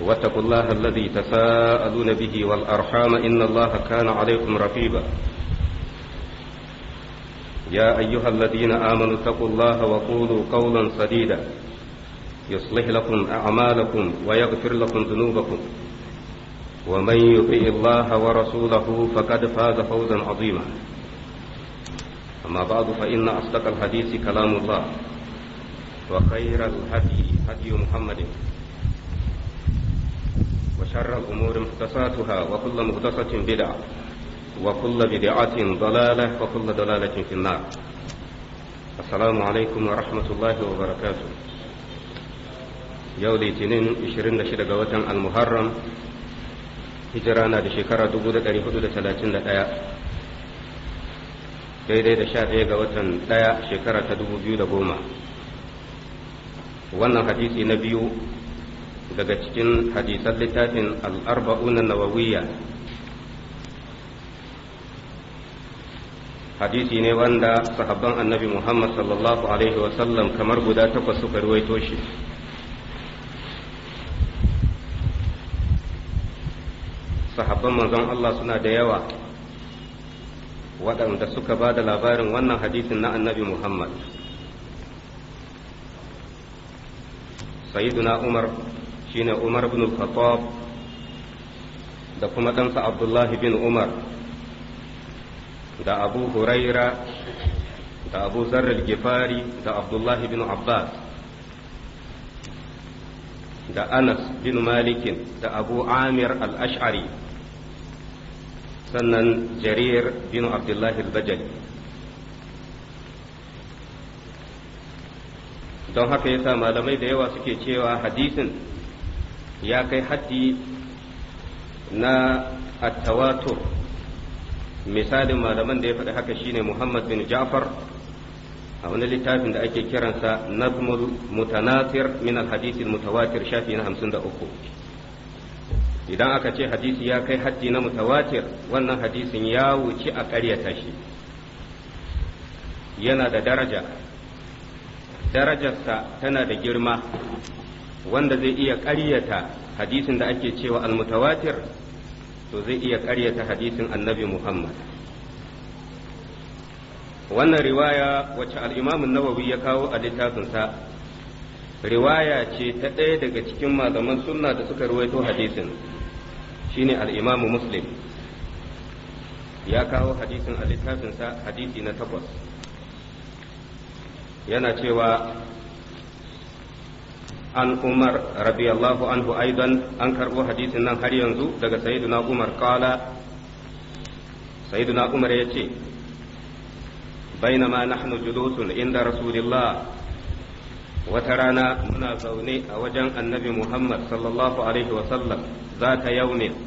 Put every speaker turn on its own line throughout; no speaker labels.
واتقوا الله الذي تساءلون به والأرحام إن الله كان عليكم رقيبا يا أيها الذين آمنوا اتقوا الله وقولوا قولا سديدا يصلح لكم أعمالكم ويغفر لكم ذنوبكم ومن يطع الله ورسوله فقد فاز فوزا عظيما أما بعد فإن أصدق الحديث كلام الله وخير الهدي هدي محمد وشر الأمور محدثاتها وكل محدثة بدعة وكل بدعة ضلالة وكل ضلالة في النار السلام عليكم ورحمة الله وبركاته يوم الاثنين 26 ga watan al-Muharram hijira na da shekara 1431 daidai da 11 ga watan 1 shekara ta 2010 wannan hadisi na biyu daga cikin hadisan littafin al'arba'una nawawiyya hadisi ne wanda sahabban annabi muhammad sallallahu alaihi wasallam kamar guda takwas suka ruwaito shi sahabban manzon allah suna da yawa waɗanda suka ba da labarin wannan hadisin na annabi muhammad sayyiduna umar shine Umar bin Khattab da kuma ɗansa Abdullahi bin Umar da Abu Huraira da Abu Zarril Gifari da Abdullahi bin Abbas da Anas bin Malikin da Abu Amir al-Ash'ari sannan Jarir bin Abdullahi al-Bajali don haka yasa malamai da yawa suke cewa hadisin ya kai haddi na attawatur misalin malaman da ya faɗi haka shine muhammad bin ja'far
a wani littafin da ake kiransa nazmul mutanatir min alhadisi mutawatir shafi na
hamsin da uku idan aka ce hadisi ya kai haddi na mutawatir wannan hadisin ya wuce a ƙaryata shi yana da daraja darajarsa tana da girma wanda zai iya ƙaryata hadisin da ake cewa almutawatir to zai iya ƙaryata hadisin annabi muhammad wannan riwaya wacce al'imamun nawawi ya kawo a littafinsa riwaya ce ta ɗaya daga cikin malaman sunna da suka ruwaito hadisin shine al'imamu muslim ya kawo hadisin a littafinsa hadisi na takwas yana cewa an umar radiyallahu anhu aidan an karbo hadisin nan har yanzu daga sayyiduna umar kala sayyiduna umar ya ce bainama nahnu julusun inda rasulillah wata rana muna zaune a wajen annabi muhammad sallallahu alaihi wasallam za ta yaumin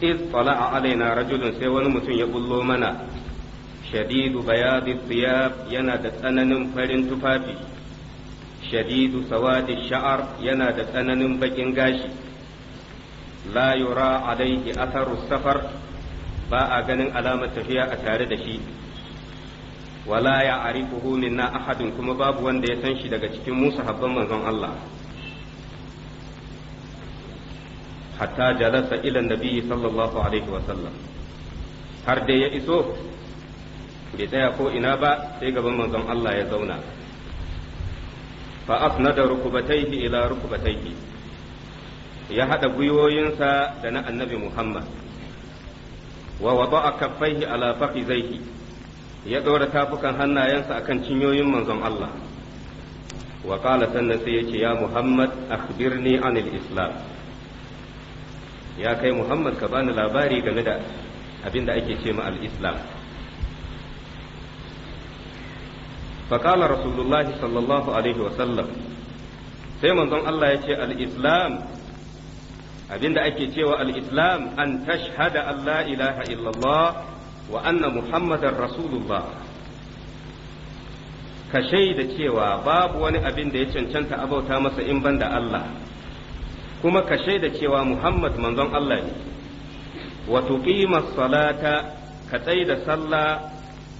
iz tala'a alaina rajulun sai wani mutum ya bullo mana shadidu bayadi thiyab yana da tsananin farin tufafi shadidu sawadi sha'ar yana da tsananin baƙin gashi la yura alaihi atharu safar ba a ganin alamar tafiya a tare da shi wala ya arifuhu na ahadin kuma babu wanda ya san shi daga cikin musa, habban manzon Allah hatta jalasa ila nabiyyi sallallahu alaihi wasallam har dai ya iso bai tsaya ko ina ba sai gaban manzon Allah ya zauna fa afnada rukubataihi ila rukubataihi ya haɗa gwiwoyinsa da na annabi Muhammad wa wada'a kaffaihi ala fakhizaihi ya ɗora tafukan hannayensa akan cinyoyin manzon Allah wa sannan sai yace ya Muhammad akhbirni anil islam ya kai Muhammad ka bani labari game da abin da ake ce ma al-islam faƙala rasulullahi sallallahu alaihi wasallam sai manzon Allah ya ce al'islam abinda ake cewa al'islam an tashhada Allah ilaha illallah wa anna muhammadar rasulullah ka cewa babu wani abin da ya cancanta abauta masa in banda Allah kuma ka shaida cewa Muhammad manzon Allah ne wa tuqima salata ka da sallah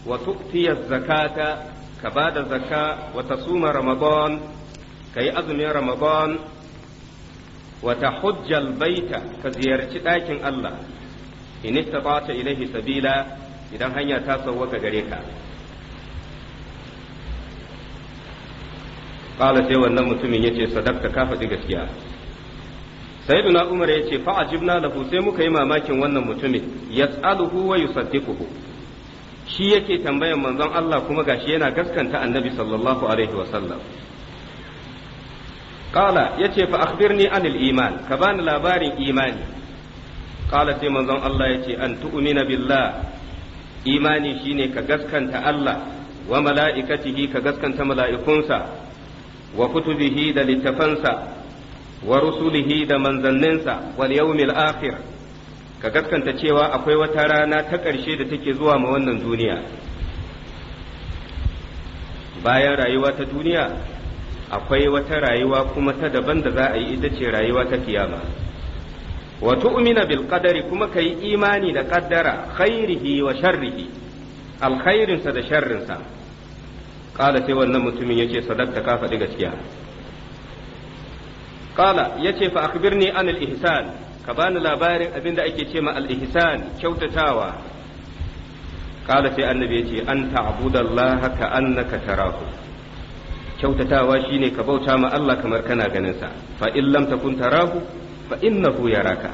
wa tu'tiya zakata ka ba da zakka wata suma ramadan ka yi azumin ramadan wata hujjal baita ka ziyarci ɗakin Allah in istata ilahi sabila idan hanya ta sawwaka gare ka qala sai wannan mutumin ce sadaqta ka faɗi gaskiya sayyiduna umar ya ce ajibna lahu sai muka yi mamakin wannan mutumin yas'aluhu wa yusaddiquhu shi yake tambayan manzon Allah kuma gashi yana gaskanta annabi sallallahu alaihi wasallam qala yace fa akhbirni anil iman ka bani labarin imani qala sai manzon Allah yace an tu'mina billah imani shine ka gaskanta Allah wa mala'ikatihi ka gaskanta mala'ikunsa wa kutubihi da littafansa wa rusulihi da manzanninsa wal yawmil akhir ka gaskanta cewa akwai wata rana ta ƙarshe da take zuwa ma wannan duniya bayan rayuwa ta duniya akwai wata rayuwa kuma ta daban da za a yi ita ce rayuwa ta kiyama wa tu'mina bil qadari kuma kai imani da qaddara khairihi wa sharrihi alkhairinsa da sharrinsa qala sai wannan mutumin yace sadaqta ka faɗi gaskiya qala yace fa akhbirni al ihsan ka bani labarin abin da ake ce ma al-ihsan kyautatawa qala sai annabi yace an ta'budallaha ka annaka tarahu kyautatawa shine ka bauta ma Allah kamar kana ganin sa fa in lam takun tarahu fa innahu yaraka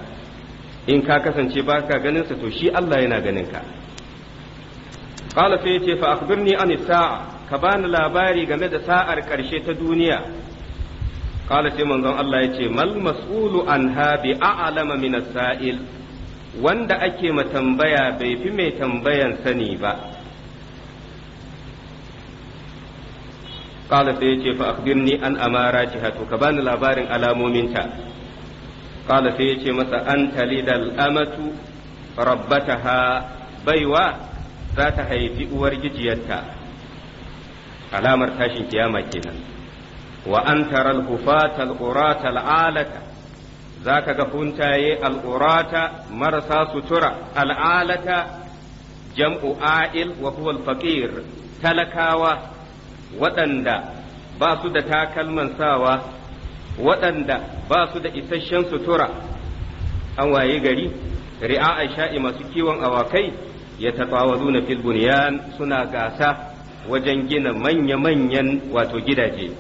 in ka kasance baka ganin sa to shi Allah yana ganin ka qala sai yace fa akhbirni an sa'a ka bani labari game da sa'ar karshe ta duniya qala sai manzon Allah yace mal mas'ulu an habi a'lama min sa'il wanda ake ma tambaya bai fi mai tambayan sani ba qala sai yace fa akhbirni an amaratiha to ka bani labarin alamominta qala sai yace masa an talidal amatu rabbataha baiwa za ta haifi uwar gijiyarta alamar tashin kiyama kenan wa an taral hufata al'urata al'alata za ka ga huntaye al'urata marasa sutura al'alata jam'u a'il wa huwa al-faqir talakawa waɗanda ba su da takalman sawa waɗanda ba su da isasshen sutura an waye gari ri'a sha'i masu kiwon awakai ya tafawazu na fil bunyan suna gasa wajen gina manya-manyan wato gidaje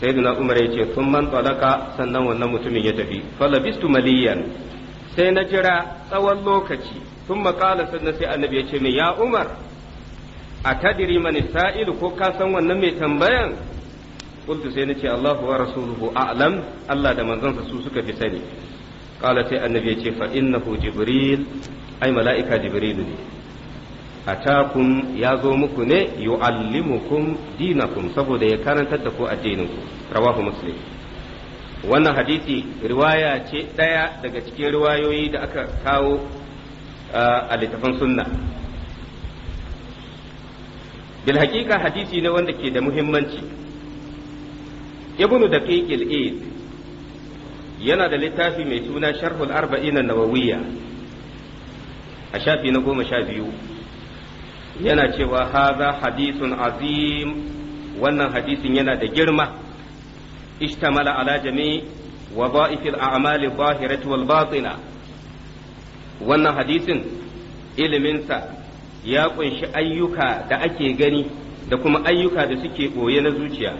sayyiduna umar ya ce sun man talaka sannan wannan mutumin ya tafi falabistu maliyan sai na jira tsawon lokaci sun makala sannan sai annabi ya ce min ya umar a tadiri mani sa'ilu ko ka san wannan mai tambayan kultu sai na ce Allahu wa rasuluhu a'lam Allah da manzansa su suka fi sani Kala sai annabi ya ce fa innahu jibril ai mala'ika jibrilu ne atakum ya zo muku ne yu'allimukum dinakum saboda ya karantar da ku addininku rawahu muslim wannan hadisi riwaya ce ɗaya daga cikin riwayoyi da aka kawo a littafin sunna bil haƙiƙa hadisi ne wanda ke da muhimmanci ibnu daqiqil id yana da littafi mai suna sharhul arba'in an-nawawiyya a shafi na goma sha biyu yana cewa haza hadisun azim wannan hadisin yana da girma ishtamala ala jami wa ba'ifil a'mali zahirati wal batina wannan hadisin iliminsa ya kunshi ayyuka da ake gani da kuma ayyuka da suke boye na zuciya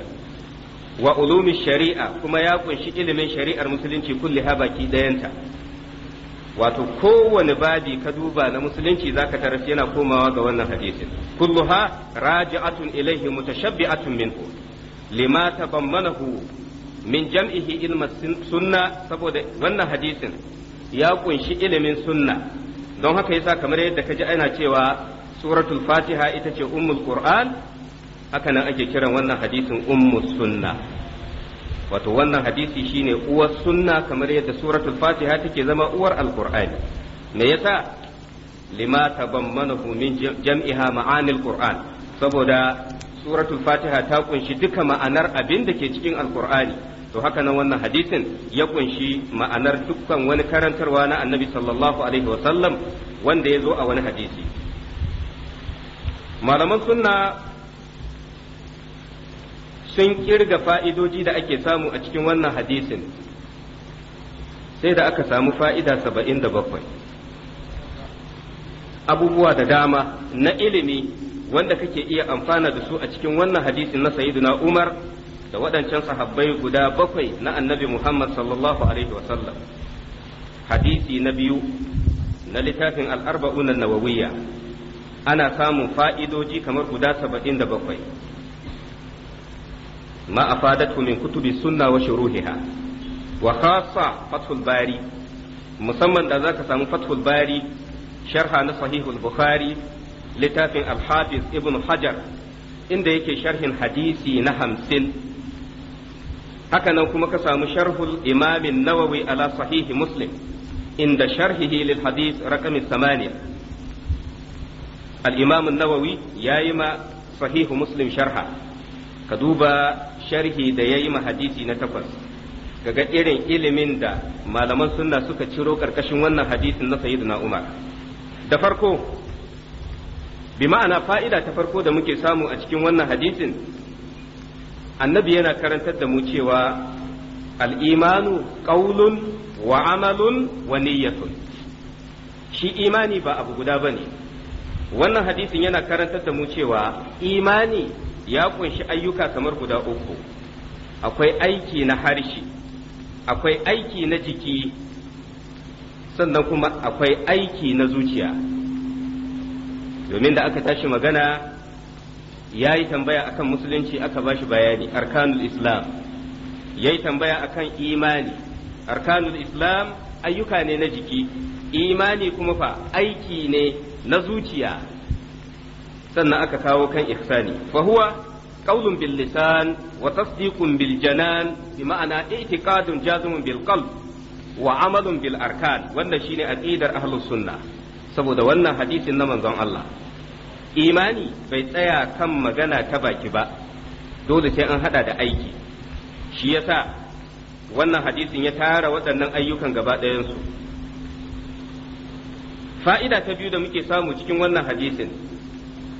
wa ulumi shari'a kuma ya kunshi ilimin shari'ar musulunci kulli ha baki dayanta wato kowane babi ka duba na musulunci zaka taraf yana komawa ga wannan hadisin kulluha raji'atun ilaihi mutashabbi'atun minhu lima tabammanahu min jam'ihi ilma sunna saboda wannan hadisin ya kunshi ilimin sunna don haka yasa kamar yadda kaji ana cewa suratul fatiha ita ce ummul qur'an haka nan ake kiran wannan hadisin ummus sunna wato wannan hadisi shine uwar sunna kamar yadda suratul fatiha take zama uwar alqur'ani me yasa lima tabammanahu min jam'iha ma'anil qur'an saboda suratul fatiha ta kunshi duka ma'anar abin da ke cikin alqur'ani to haka nan wannan hadisin ya kunshi ma'anar dukkan wani karantarwa na annabi sallallahu alaihi sallam wanda ya zo a wani hadisi malaman sunna sun kirga fa'idoji da ake samu a cikin wannan hadisin sai da aka samu fa'ida saba'in da bakwai abubuwa da dama na ilimi wanda kake iya amfana da su a cikin wannan hadisin na sayyiduna umar da waɗancan sahabbai guda bakwai na annabi muhammad sallallahu alaihi wasallam hadisi na biyu na littafin al'arba'unan nawawiyya ana samun fa'idoji kamar guda saba'in da bakwai ما أفادته من كتب السنة وشروحها وخاصة فتح الباري مسمى ذاك سامو فتح الباري شرح صحيح البخاري لتاف الحافظ ابن حجر إن ديك شرح حديثي نهم سن هكذا كما كسام شرح الإمام النووي على صحيح مسلم عند شرحه للحديث رقم الثمانية الإمام النووي يايما صحيح مسلم شرحه ka duba sharhi da ya yi hadisi na takwas ga irin ilimin da malaman sunna suka ciro karkashin wannan hadisin na sayyidina umar da farko bi ma'ana fa'ida ta farko da muke samu a cikin wannan hadisin annabi yana karantar da mu cewa al'imanu ƙaulun wa amalun wa niyyatun shi imani ba abu guda ba ne wannan hadisin yana karantar da mu cewa imani ya kunshi ayyuka kamar guda uku akwai aiki na harshe akwai aiki na jiki sannan kuma akwai aiki na zuciya domin da aka tashi magana ya yi tambaya akan musulunci aka bashi bayani arkanul islam ya yi tambaya akan imani arkanul islam ayyuka ne na jiki imani kuma fa aiki ne na zuciya sannan aka kawo kan ihsani fa huwa qaulun bil lisan wa tasdiqun bil janan bi ma'ana i'tiqadun jazumun bil qalb wa amalun bil arkan wannan shine aqidar ahlus sunna saboda wannan hadisin na manzon Allah imani bai tsaya kan magana ta baki ba dole sai an hada da aiki shi yasa wannan hadisin ya tara waɗannan ayyukan gaba ɗayansu fa'ida ta biyu da muke samu cikin wannan hadisin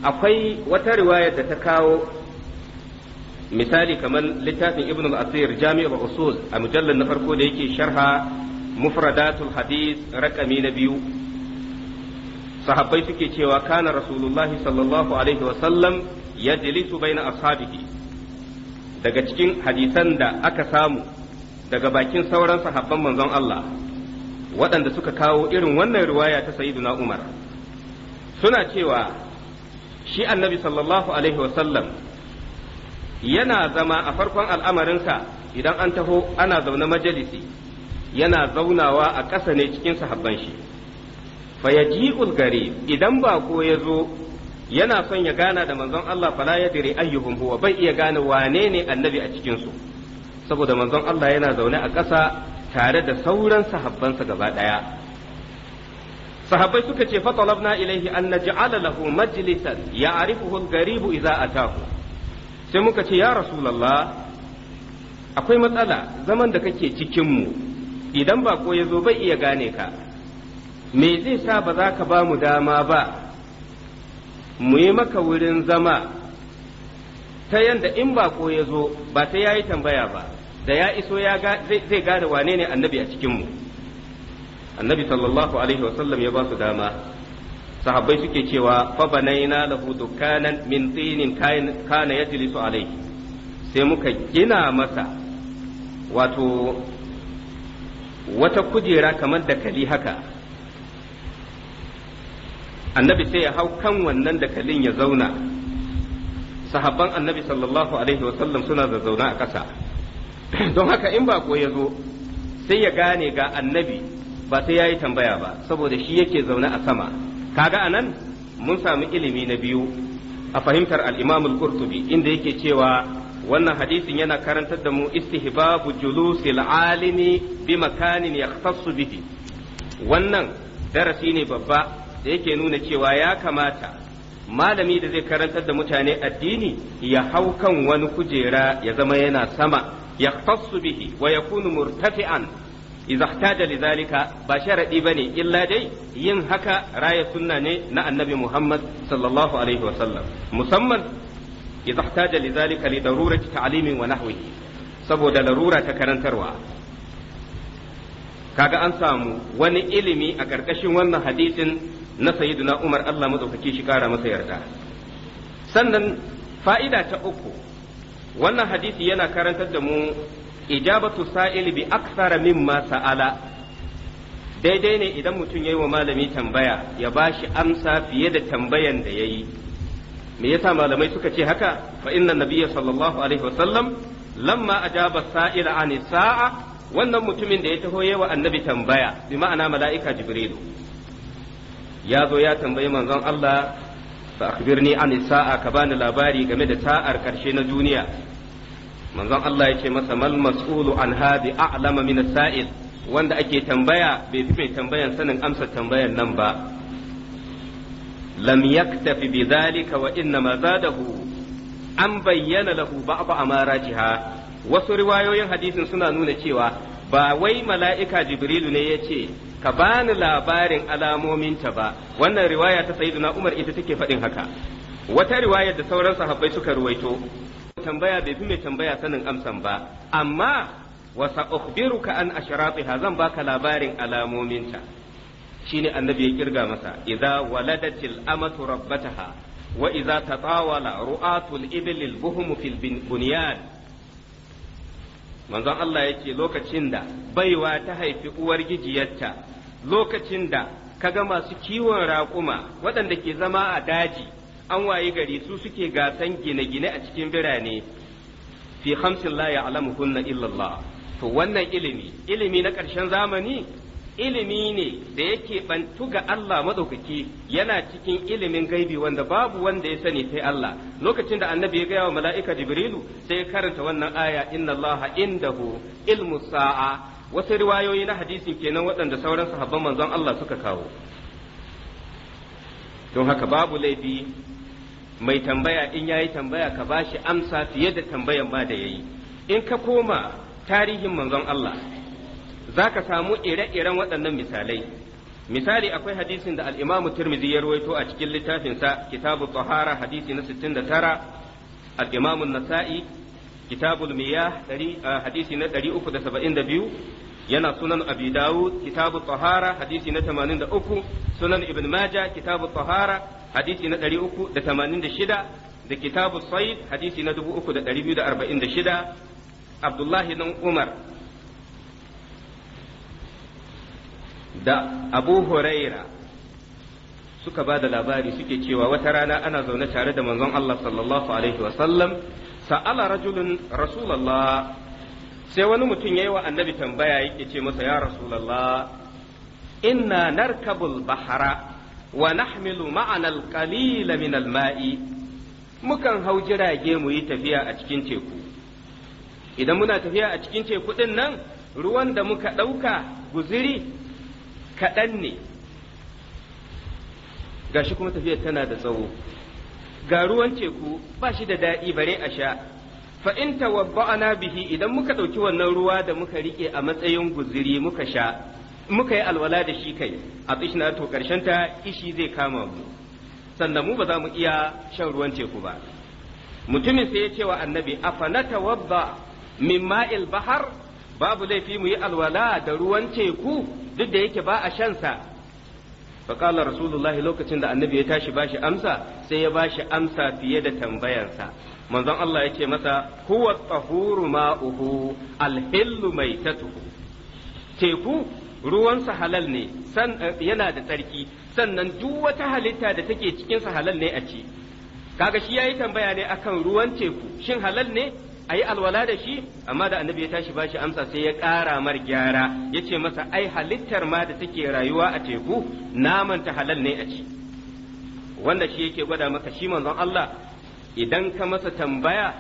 akwai wata riwayar da ta kawo misali kamar littafin ibn al-asir jami'ul usul a mujallar na farko da yake sharha mufradatul hadis rakami na biyu sahabbai suke cewa kana rasulullahi sallallahu alaihi wa sallam yajlisu baina ashabihi daga cikin hadisan da aka samu daga bakin sauran sahabban manzon Allah waɗanda suka kawo irin wannan riwaya ta sayyiduna Umar suna cewa shi annabi sallallahu alaihi wasallam yana zama a farkon al'amarinsa idan an taho ana zaune majalisi yana zaunawa a ƙasa ne cikin sahabban shi fayaji'ul gari idan bako ya zo yana son ya gana da manzon Allah fala ya ayyuhum huwa bai iya gane wane ne annabi a cikin su saboda manzon Allah yana zaune a ƙasa tare da sauran sahabbansa gaba ɗaya sahabbai suka ce fa talabna ilaihi an naj'ala lahu majlisan ya'rifuhu al Iza idza ataahu sai muka ce ya rasulullah akwai matsala zaman da kake cikin mu idan bako ya zo bai iya gane ka me zai sa ba za ka ba mu dama ba mu yi maka wurin zama ta yanda in bako ya zo ba ta ya tambaya ba da ya iso ya zai gane wane ne annabi a cikin mu annabi sallallahu alaihi wasallam ya ba su dama sahabbai suke cewa fa banaina lahu dukkanan min tinin kana yajlisu alaihi sai muka gina masa wato wata kujera kamar da kali haka annabi sai ya hau kan wannan da kalin ya zauna sahabban annabi sallallahu alaihi wasallam suna zazzauna a ƙasa don haka in ba ya zo sai ya gane ga annabi ba sai ya yi tambaya ba saboda shi yake zaune a sama kaga anan mun samu ilimi na biyu a fahimtar al-Imam al-Qurtubi inda yake cewa wannan hadisin yana karantar da mu istihbabu julusil alimi bi makanin yahtassu bihi wannan darasi ne babba da yake nuna cewa ya kamata malami da zai karantar da mutane addini ya hau kan wani kujera ya zama yana sama yahtassu bihi wa yakunu murtafi'an idza ihtaja lidhalika ba ba ne illa dai yin haka raya sunna ne na annabi Muhammad sallallahu alaihi wa sallam musamman idza ihtaja lidhalika li darurati ta'limin wa nahwihi saboda larura ta karantarwa kaga an samu wani ilimi a ƙarƙashin wannan hadisin na sayyiduna Umar Allah madaukaki shi kara masa yarda sannan fa'ida ta uku wannan hadisi yana karantar da mu ijabatu sa'il bi aksara mimma sa'ala daidai ne idan mutum yi wa malami tambaya ya bashi amsa fiye da tambayan da yayi me yasa malamai suka ce haka fa inna nabiyya sallallahu alaihi wasallam lamma ajaba sa'ila an sa'a wannan mutumin da ya taho yayi wa annabi tambaya bi ma'ana mala'ika jibrilu ya zo ya tambayi manzon Allah fa akhbirni an sa'a ka bani labari game da sa'ar karshe na duniya manzon Allah yake masa mal mas'ulu an hadi a'lama min sa'il wanda ake tambaya bai fi mai tambayan sanin amsa tambayan nan ba lam yaktafi bi dhalika wa inna ma zadahu an bayyana lahu ba'd amaratiha wasu riwayoyin hadisin suna nuna cewa ba wai mala'ika jibrilu ne yace ka bani labarin alamominta ba wannan riwaya ta sayyiduna umar ita take faɗin haka wata riwayar da sauran sahabbai suka ruwaito tambaya bai fi mai tambaya sanin amsan ba amma wa sa'ukhbiruka an ashratiha zan baka labarin alamominta shine annabi ya kirga masa idza waladatil amatu rabbataha wa idza tatawala ru'atul ibli al buhum fil bunyan manzon Allah yake lokacin da baiwa ta haifi uwar gijiyarta lokacin da kaga masu kiwon raƙuma waɗanda ke zama a daji an waye gari su suke gasan gine-gine a cikin birane fi hamsin la ya'lamuhunna illallah to wannan ilimi ilimi na ƙarshen zamani ilimi ne da yake bantu ga Allah madaukaki yana cikin ilimin gaibi wanda babu wanda ya sani sai Allah lokacin da annabi ya gaya wa mala'ika jibrilu sai ya karanta wannan aya inna Allah indahu ilmu sa'a wasu riwayoyi na hadisi kenan waɗanda sauran sahabban manzon Allah suka kawo don haka babu laifi mai tambaya in yayi tambaya ka bashi amsa fiye da tambayan ba da yayi in ka koma tarihin manzon Allah za ka samu ire-iren waɗannan misalai misali akwai hadisin da al'imamu imam Tirmidhi ya rawaito a cikin littafinsa Kitabu Tahara hadisi na 69 al-Imam An-Nasa'i Kitabul Miyah hadisi na 372 yana sunan abi dawud kitabu tahara hadisi na 83 sunan ibn majah kitabu tahara hadisi na 386 da kitabu sayyid hadisi na 3246 abdullahi dan umar da abu huraira suka ba da labari suke cewa wata rana ana zaune tare da manzon Allah sallallahu alaihi wasallam sa'ala rajulun rasulallah sai wani mutum ya yi wa annabi tambaya yake ce masa ya rasulallah inna narkabul bahara wa nahmilu ma'anal qalila min ma'i mukan hau jirage mu yi tafiya a cikin teku idan muna tafiya a cikin teku din nan ruwan da muka ɗauka guziri kaɗan ne gashi kuma tafiyar tana da tsawo ga ruwan teku ba shi da daɗi bare a sha fa in tawabba'ana bihi idan muka ɗauki wannan ruwa da muka riƙe a matsayin guziri muka sha muka yi alwala da shi kai a tsishina to karshen ta ishi zai kama mu sannan mu ba za mu iya shan ruwan teku ba mutumin sai ya ce wa annabi afana tawabba min ma'il bahar babu laifi mu yi alwala da ruwan teku duk da yake ba a shan sa fa qala rasulullah lokacin da annabi ya tashi bashi amsa sai ya bashi amsa fiye da tambayansa manzon Allah ya ce masa huwa tahuru ma'uhu alhillu maitatuhu teku ruwansa halal ne eh, yana da tsarki sannan duk wata halitta da take cikin sa halal ne a ce. kaga shi yayi tambaya ne akan ruwan teku shin halal ne Ayi alwala da shi amma da annabi ya tashi bashi amsa sai ya ƙara mar gyara ya ce masa ai halittar ma da take rayuwa a teku Naman ta halal ne a ce? wanda shi yake gwada maka shi manzon Allah idan ka masa tambaya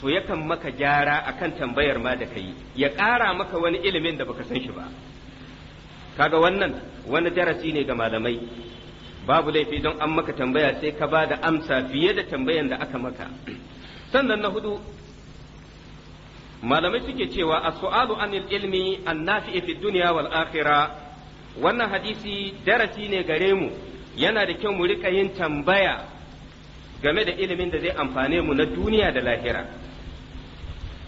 to yakan maka gyara akan tambayar ma da kai ya ƙara maka wani ilimin da baka san shi ba kaga wannan wani darasi ne ga malamai babu laifi don an maka tambaya sai ka ba da amsa fiye da tambayan da aka maka sannan na hudu malamai suke cewa a sualu an ilmi an a fi duniya wal wannan hadisi darasi ne gare mu yana da kyau mu rika yin tambaya game da ilimin da zai amfane mu na duniya da lahira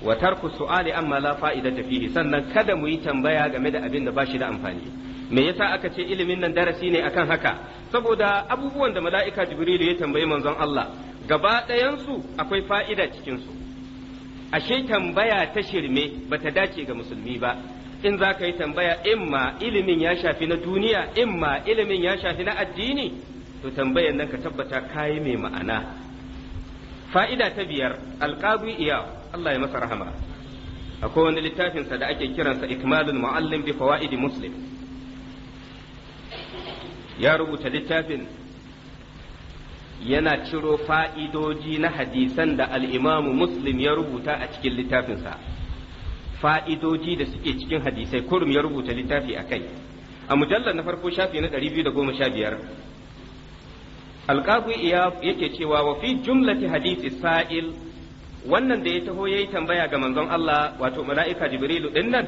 wa tarku su'ali amma la fa'idata fihi sannan kada mu yi tambaya game da abin da ba shi da amfani me yasa aka ce ilimin nan darasi ne akan haka saboda abubuwan da mala'ika jibrilu ya tambayi manzon Allah gaba ɗayan su akwai fa'ida cikin su ashe tambaya ta shirme bata dace ga musulmi ba in za ka yi tambaya imma ilimin ya shafi na duniya imma ilimin ya shafi na addini to tambayan nan ka tabbata kayi mai ma'ana fa'ida ta biyar alƙadu iya Allah ya masa rahama akwai wani littafinsa da ake kiransa ikmalul muallim bi fawaidi muslim ya rubuta littafin yana ciro fa'idoji na hadisan da al'imamu muslim ya rubuta a cikin littafinsa fa'idoji da suke cikin hadisai kurum ya rubuta littafi a kai a mujallar na farko shafi na 215 alqabi iya yake cewa wa fi jumlati hadisi sa'il wannan da ya taho yayi tambaya ga manzon Allah wato mala'ika jibrilu din nan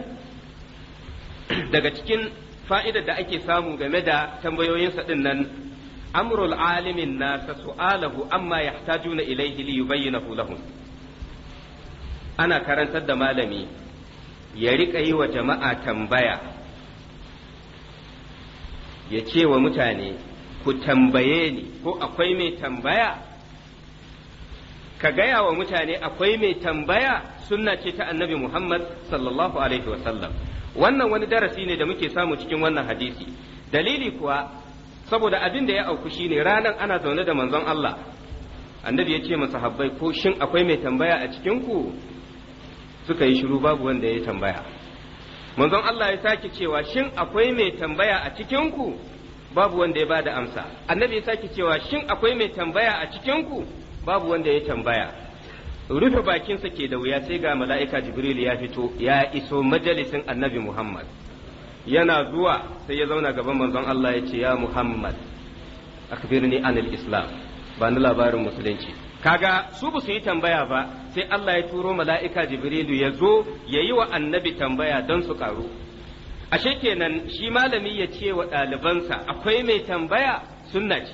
daga cikin fa'idar da ake samu game da tambayoyinsa din nan amrul alimin nasa su'alahu amma yahtajuna ilayhi li yubayyinahu lahum ana karantar da malami ya riƙa yi wa jama'a tambaya ya ce wa mutane ku tambaye ni ko akwai mai tambaya ka gaya wa mutane akwai mai tambaya sunna ce ta annabi Muhammad sallallahu alaihi wasallam wannan wani darasi ne da muke samu cikin wannan hadisi dalili kuwa saboda abin da ya auku shine ranan ana zaune da manzon Allah annabi ya ce sahabbai ko shin akwai mai tambaya a cikin suka yi shiru babu wanda ya tambaya manzon Allah ya sake cewa shin akwai mai tambaya a cikin ku babu wanda ya ba da amsa annabi ya sake cewa shin akwai mai tambaya a cikinku babu wanda ya tambaya rufe bakinsa ke da wuya sai ga mala'ika jibril ya fito ya iso majalisin annabi muhammad yana zuwa sai ya zauna gaban manzon Allah ya ce ya muhammad akbirni anil islam ba ni labarin musulunci kaga su ba su yi tambaya ba sai Allah ya turo mala'ika Jibril ya zo ya yi wa annabi tambaya don su karu ashe kenan shi malami ya ce wa ɗalibansa akwai mai tambaya sunna ce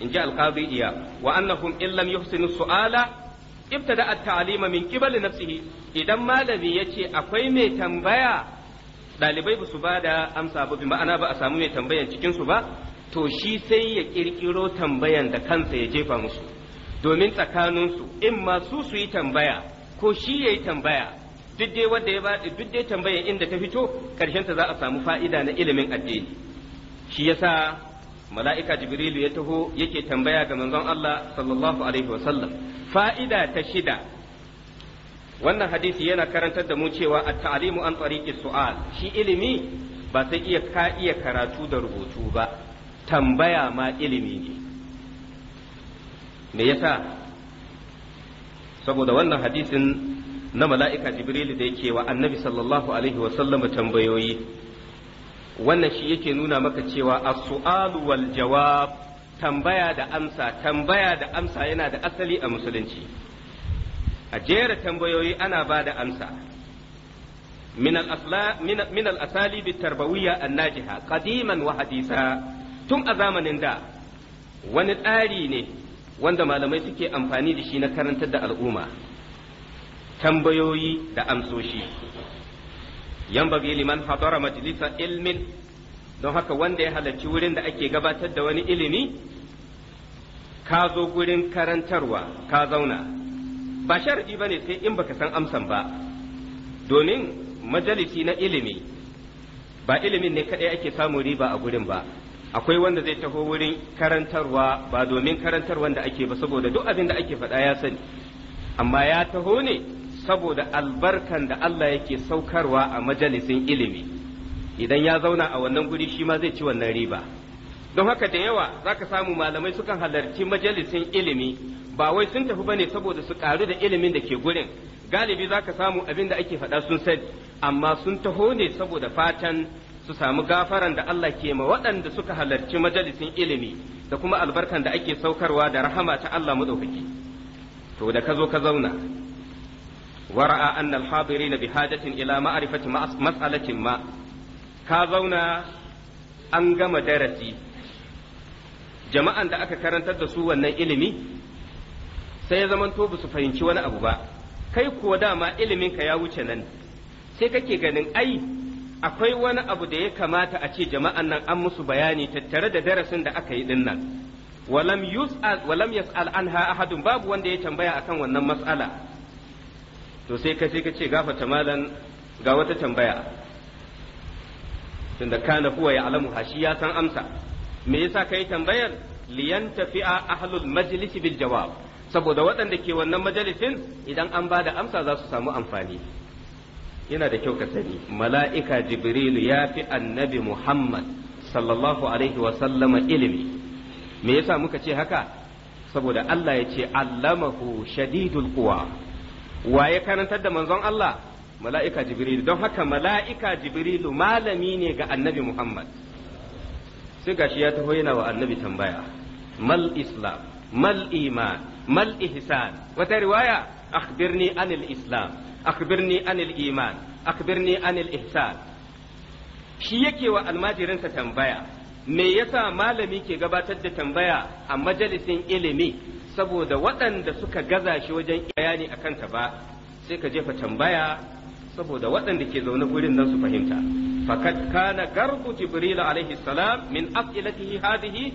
in ji alqadi iya wa annahum illam yuhsinu su'ala ibtada at-ta'lima min qibali nafsihi idan malami ya ce akwai mai tambaya ɗalibai ba su ba da amsa ba bi ma'ana ba a samu mai tambayan cikin su ba to shi sai ya kirkiro tambayan da kansa ya jefa musu domin tsakaninsu in ma su su yi tambaya ko shi ya yi tambaya duk dai wanda ya bada duk dai tambayar inda ta fito karshen ta za a samu fa'ida na ilimin addini shi yasa mala'ika jibrilu ya taho yake tambaya ga manzon Allah sallallahu alaihi wasallam fa'ida ta shida wannan hadisi yana karantar da mu cewa a talimu an tariqi su'al shi ilimi ba sai iya ka iya karatu da rubutu ba tambaya ma ilimi ne me yasa saboda wannan hadisin na mala'ika jibrilu da yake wa annabi sallallahu alaihi wasallam tambayoyi wannan shi yake nuna maka cewa as-su'alu wal jawab tambaya da amsa tambaya da amsa yana da asali a musulunci a jera tambayoyi ana ba da amsa min al-asali bi tarbawiyya an-najiha qadiman wa hadisa tun a zamanin da wani tsari ne wanda malamai suke amfani da shi na karantar da al'umma tambayoyi da amsoshi yan yanbaghi liman hadara majlisa ilmin don haka wanda ya halarci wurin da ake gabatar da wani ilimi ka zo gurin karantarwa ka zauna ba sharadi bane sai in baka san amsan ba domin majalisi na ilimi ba ilimin ne kadai ake samu riba a gurin ba akwai wanda zai taho wurin karantarwa ba domin karantarwa da ake ba saboda duk abin da ake faɗa ya sani amma ya taho ne saboda albarkan da Allah yake saukarwa a majalisin ilimi idan ya zauna a wannan guri shi ma zai ci wannan riba don haka da yawa za ka samu malamai sukan halarci majalisin ilimi ba wai sun tafi bane saboda su karu da ilimin da ke gurin galibi za ka samu abin da ake faɗa sun sani amma sun taho ne saboda fatan su samu gafaran da Allah ke ma waɗanda suka halarci majalisin ilimi da kuma albarkan da ake saukarwa da rahama ta Allah maɗaukaki to da ka zo ka zauna wara'a anna al-hadirin bi hajatin ila ma'rifati mas'alatin ma ka zauna an gama darasi jama'an da aka karantar da su wannan ilimi sai ya zamanto ba su fahimci wani abu ba kai kuwa dama ilimin ka ya wuce nan sai kake ganin ai akwai wani abu da ya kamata a ce jama'an nan an musu bayani tattare da darasin da aka yi din nan walam yus'al walam yas'al anha ahadun babu wanda ya tambaya akan wannan mas'ala to sai ka sai ka ce gafata malan ga wata tambaya tunda kana huwa ya alamu shi ya san amsa me yasa kai tambayar liyan tafi'a ahlul majlis bil jawab saboda waɗanda ke wannan majalisin idan an ba da amsa za su samu amfani yana da kyau ka sani mala'ika jibrilu ya fi annabi muhammad sallallahu alaihi sallama ilimi me yasa muka ce haka saboda allah ya ce allamahu shadidul quwa waye karantar da manzon Allah mala'ika jibrilu don haka mala'ika jibrilu malami ne ga annabi muhammad sai gashi ya taho yana wa annabi tambaya mal islam mal iman mal ihsan wata riwaya akhbirni anil islam akhbirni anil iman akhbirni anil ihsan shi yake wa almajirinsa tambaya me yasa malami ke gabatar da tambaya a majalisin ilimi saboda waɗanda suka gaza shi wajen bayani a kanta ba sai ka jefa tambaya saboda waɗanda ke zaune gurin nan su fahimta fakat kana garbu jibril alaihi salam min as'ilatihi hadhihi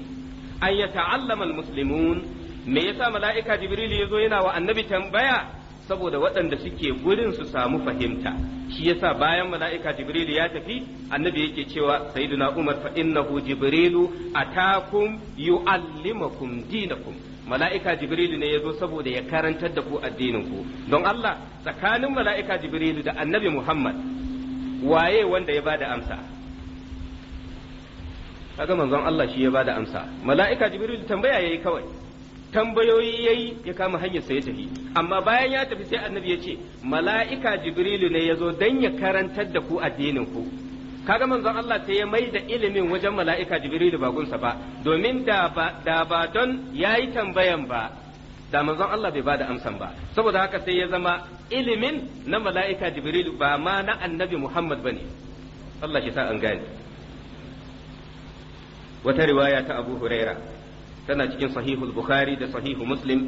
an yata'allama almuslimun me yasa mala'ika jibril yazo yana wa annabi tambaya saboda waɗanda suke gurin su samu fahimta shi yasa bayan mala'ika jibril ya tafi annabi yake cewa sayyiduna umar fa innahu jibrilu atakum yu'allimakum dinakum mala'ika jibrilu ne ya zo saboda ya karantar da ku addinin don Allah tsakanin mala'ika jibrilu da annabi Muhammad waye wanda ya bada amsa kaga manzon Allah shi ya bada amsa mala'ika jibrilu tambaya ya yi kawai tambayoyi ya yi ya kama hanyar sai ya tafi amma bayan ya tafi sai annabi ya ce mala'ika jibrilu ne ya zo don ya karantar da ku addinin ku kaga manzon Allah sai ya mai da ilimin wajen mala'ika jibrilu bakunsa ba domin da ba da ba don yayi tambayan ba da manzon Allah bai bada amsan ba saboda haka sai ya zama ilimin na mala'ika jibrilu ba ma na annabi Muhammad bane Allah shi sa an gane wata riwaya ta Abu Huraira tana cikin sahihul Bukhari da sahihu Muslim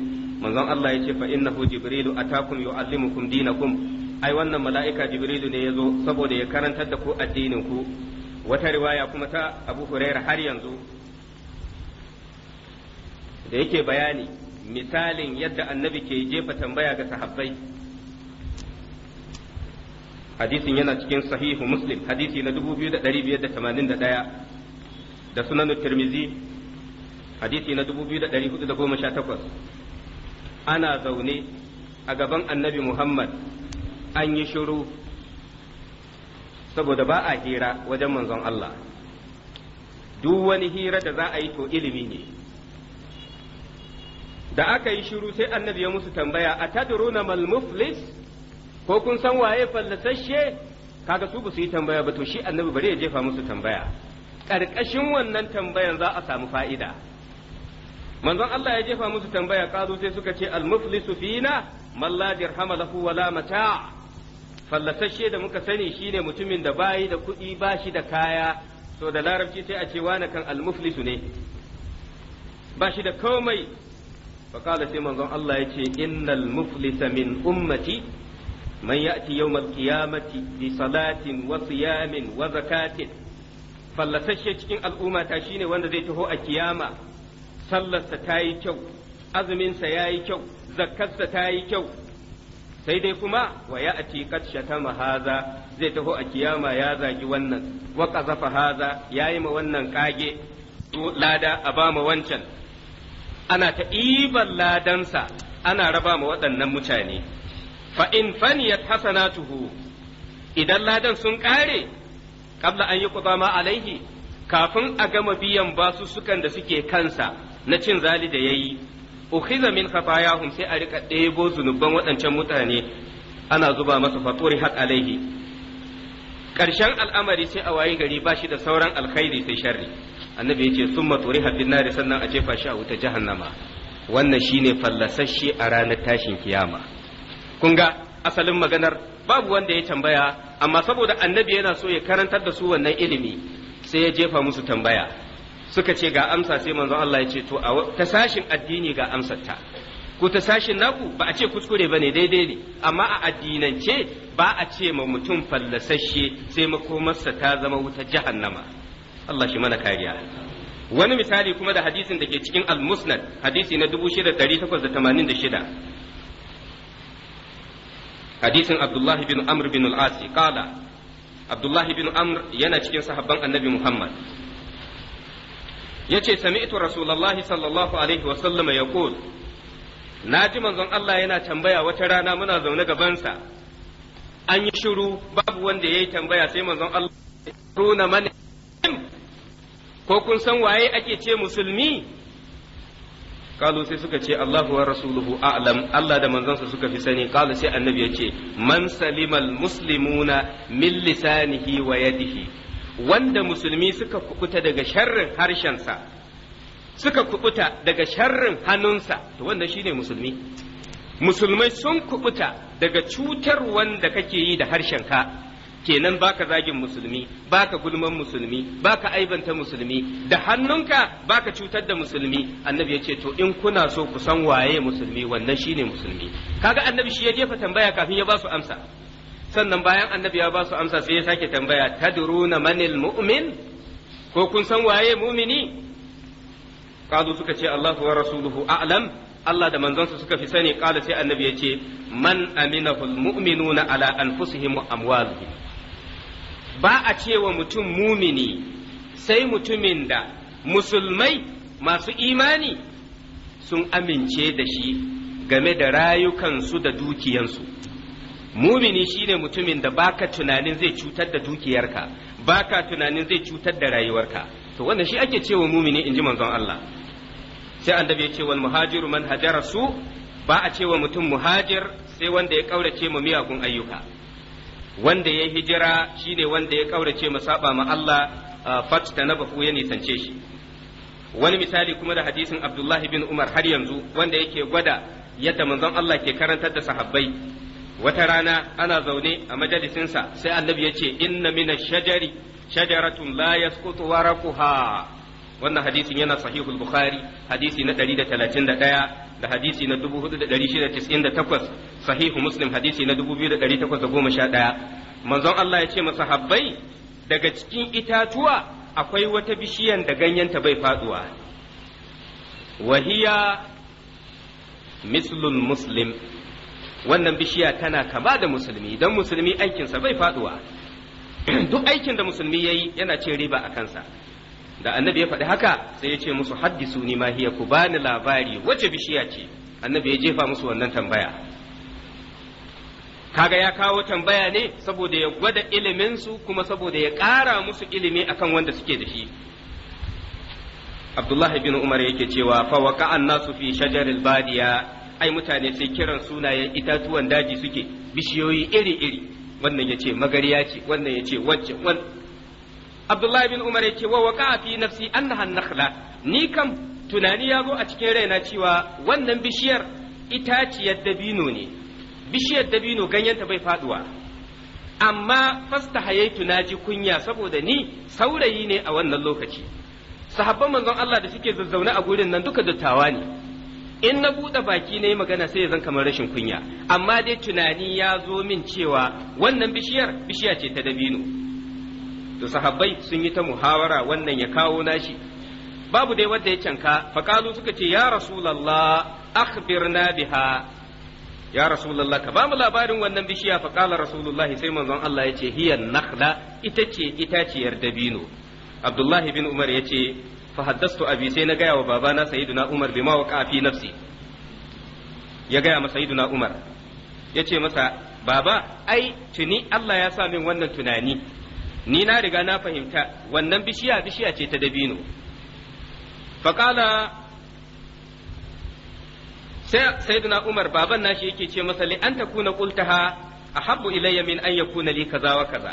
manzon Allah ya ce fa innahu jibrilu atakum yuallimukum dinakum ai wannan mala'ika jibrilu ne ya zo saboda ya karantar da ku addinin ku wata riwaya kuma ta abu huraira har yanzu da yake bayani misalin yadda annabi ke jefa tambaya ga sahabbai hadisin yana cikin sahihu muslim hadisi na 2581 da sunan tirmizi hadisi na 2418 ana zaune a gaban annabi muhammad an yi shiru saboda ba a hira wajen manzon Allah duk wani hira da za a yi to ilimi ne da aka yi shiru sai annabi ya musu tambaya a tadruna mal muflis ko kun san waye fallasashe kaga su ba su yi tambaya ba to shi annabi bari ya jefa musu tambaya ƙarƙashin wannan tambayan za a samu fa'ida manzon Allah ya jefa musu tambaya ƙazu sai suka ce al muflisu fina man la dirhama lahu wala mata' fallasasshe da muka sani shine mutumin da bayi da kuɗi bashi da kaya so da larabci sai a ce wani kan almuflisu ne bashi da komai فقال سيما الله يتي إن المفلس من أمتي من يأتي salatin القيامة بصلاة وصيام وزكاة Fallasasshe cikin al'umma ta shine wanda zai taho a kiyama sallarsa ta yi kyau azuminsa ya yi kyau zakkarsa ta yi kyau sai dai kuma wa ya ati kad shatama haza zai taho a kiyama ya zagi wannan wa qazafa haza yayi ma wannan kage lada a ba ma wancan ana ta iban ladansa ana raba ma waɗannan mutane fa in faniyat hasanatuhu idan ladan sun kare kabla an yi ma alaihi kafin a gama biyan basu sukan da suke kansa na cin zali da yayi ukhiza min khatayahum sai a rika ɗebo zunuban waɗancan mutane ana zuba masa faturi haq alaihi ƙarshen al'amari sai a wayi gari ba shi da sauran alkhairi sai sharri annabi ya yace summa turiha bin nari sannan a jefa shi a wuta jahannama wannan shine fallasasshe a ranar tashin kiyama kun ga asalin maganar babu wanda ya tambaya amma saboda annabi yana so ya karantar da su wannan ilimi sai ya jefa musu tambaya suka ce ga amsa sai manzon Allah ya ce to ta sashin addini ga amsar ta ku ta sashin naku ba a ce kuskure ba ne daidai ne amma a addinance ba a ce ma mutum fallasashe sai makomarsa ta zama wuta jahannama Allah shi mana kariya wani misali kuma da hadisin da ke cikin al-musnad hadisi na 6886 hadisin abdullahi bin amr bin al-asi qala abdullahi bin amr yana cikin sahabban annabi muhammad yace sami'tu rasulullahi sallallahu alaihi wa sallama yaqul na ji manzon Allah yana tambaya wata rana muna zaune gabansa an yi shiru babu wanda ya yi tambaya sai manzon Allah runa mani ko kun san waye ake ce musulmi kalu sai suka ce Allahu wa rasuluhu a'lam Allah da manzansa suka fi sani kalu sai annabi ya ce man salimal muslimuna min lisanihi wa yadihi wanda musulmi suka kubuta daga sharrin harshensa suka kubuta daga sharrin hannunsa to wannan shine musulmi musulmai sun kubuta daga cutar wanda kake yi da harshen ka. kenan baka zagin musulmi baka gulman musulmi baka aibanta musulmi da hannunka baka cutar da musulmi annabi ya ce to in kuna so ku san waye musulmi wannan shine musulmi kaga annabi shi ya jefa tambaya kafin ya ba su amsa sannan bayan annabi ya ba su amsa sai ya sake tambaya tadruna manil mu'min ko kun san waye mumini Qalu suka ce Allahu wa rasuluhu a'lam Allah da manzonsa suka fi sani kala sai annabi ya ce man aminahul mu'minuna ala anfusihim wa amwalihim ba a cewa mutum mumini sai mutumin da musulmai masu imani sun amince da shi game da rayukansu da dukiyansu mumini shine mutumin da baka tunanin zai cutar da dukiyarka baka tunanin zai cutar da rayuwarka to wannan shi ake cewa mumini inji manzon Allah sai annabi ya ce wal muhajiru man hajara su ba a cewa mutum muhajir sai wanda ya kaurace ma miyagun ayyuka wanda ya hijira shine wanda ya kaurace ma saba ma Allah fatta na bafu ya nisance shi wani misali kuma da hadisin Abdullah bin Umar har yanzu wanda yake gwada yadda manzon Allah ke karantar da sahabbai wata rana ana zaune a majalisinsa sai annabi ya ce inna mina shajari shajaratun la yasqutu waraquha wannan hadisin yana sahihul bukhari hadisi na 131 da hadisi na 4698 sahihu muslim hadisi na 2811 manzon Allah ya ce masahabbai daga cikin itatuwa akwai wata bishiyan da ganyenta bai faduwa wahiya mislul muslim wannan bishiya tana kama da musulmi don musulmi aikinsa bai faduwa duk aikin da musulmi yayi yana cin riba a kansa da annabi ya faɗi haka sai ya ce musu haddisu ni ma hiya ku bani labari wace bishiya ce annabi ya jefa musu wannan tambaya kaga ya kawo tambaya ne saboda ya gwada iliminsu kuma saboda ya ƙara musu ilimi akan wanda suke da shi abdullahi bin umar yake cewa fa waqa'a an-nasu fi shajaril badiya ai mutane sai kiran sunayen itatuwan daji suke bishiyoyi iri-iri wannan ya ce magariya ce wannan ya ce wacce Abdullahi bin Umar ya ce wa waka fi nafsi annaha nakhla ni kam tunani ya zo a cikin raina cewa wannan bishiyar itaciyar dabino ne bishiyar dabino ganyenta bai faduwa amma fasta hayaitu na ji kunya saboda ni saurayi ne a wannan lokaci sahabban manzon Allah da suke zazzaune a gurin nan duka dattawa ne in na buɗe baki na yi magana sai ya zan kamar rashin kunya amma dai tunani ya zo min cewa wannan bishiyar bishiya ce ta dabino to sahabbai sun yi ta muhawara wannan ya kawo nashi babu dai wanda ya canka faƙalu suka ce ya rasulallah akhbirna biha ya rasulallah ka bamu labarin wannan bishiya faƙala rasulullahi sai manzon Allah ya ce hiya nakhla ita ce itaciyar dabino abdullahi bin umar ya ce fa haddastu abi sai na gaya wa babana sayyiduna Umar bima waqa fi nafsi ya gaya masa sayyiduna Umar yace masa baba ai tuni Allah ya sa min wannan tunani ni na riga na fahimta wannan bishiya bishiya ce ta dabino faqala sai Umar baban nashi yake ce masa li kuna takuna qultaha ahabbu ilayya min an yakuna li kaza wa kaza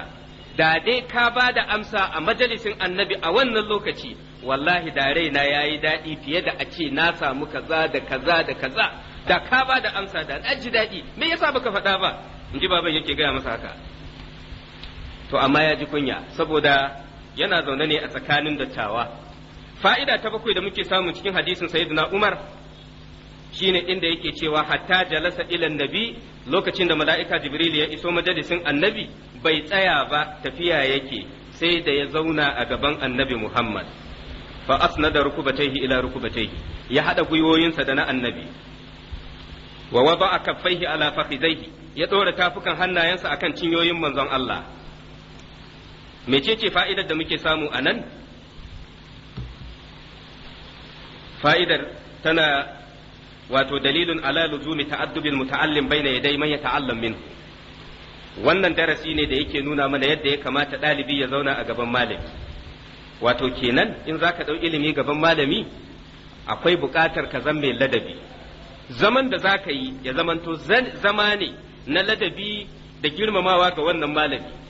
da dai ka ba da amsa a majalisin annabi a wannan lokaci wallahi da raina ya yi daɗi fiye da a ce na samu kaza da kaza da kaza da ka ba da amsa da na ji daɗi me yasa baka faɗa ba in ji baban yake gaya masa haka to amma ya ji kunya saboda yana zaune ne a tsakanin dattawa fa'ida ta bakwai da muke samu cikin hadisin sayyidina umar shine inda yake cewa hatta jalasa ilan nabi lokacin da mala'ika jibril ya iso majalisin annabi bai tsaya ba tafiya yake sai da ya zauna a gaban annabi muhammad fa asnada rukubatayhi ila rukubatayhi ya hada gwiwoyinsa da na annabi wa wada'a kaffaihi ala fakhidaihi ya dora tafukan hannayensa akan cinyoyin manzon Allah mecece fa'idar da muke samu a nan fa'idar tana wato dalilun ala luzumi ta'addubil muta'allim baina yadai man yata'allam minhu wannan darasi ne da yake nuna mana yadda ya kamata ɗalibi ya zauna a gaban malami wato kenan in zaka ɗau ilimi gaban malami akwai buƙatar ka zan mai ladabi zaman da zaka yi ya zamanto zama ne na ladabi da girmamawa ga wannan malami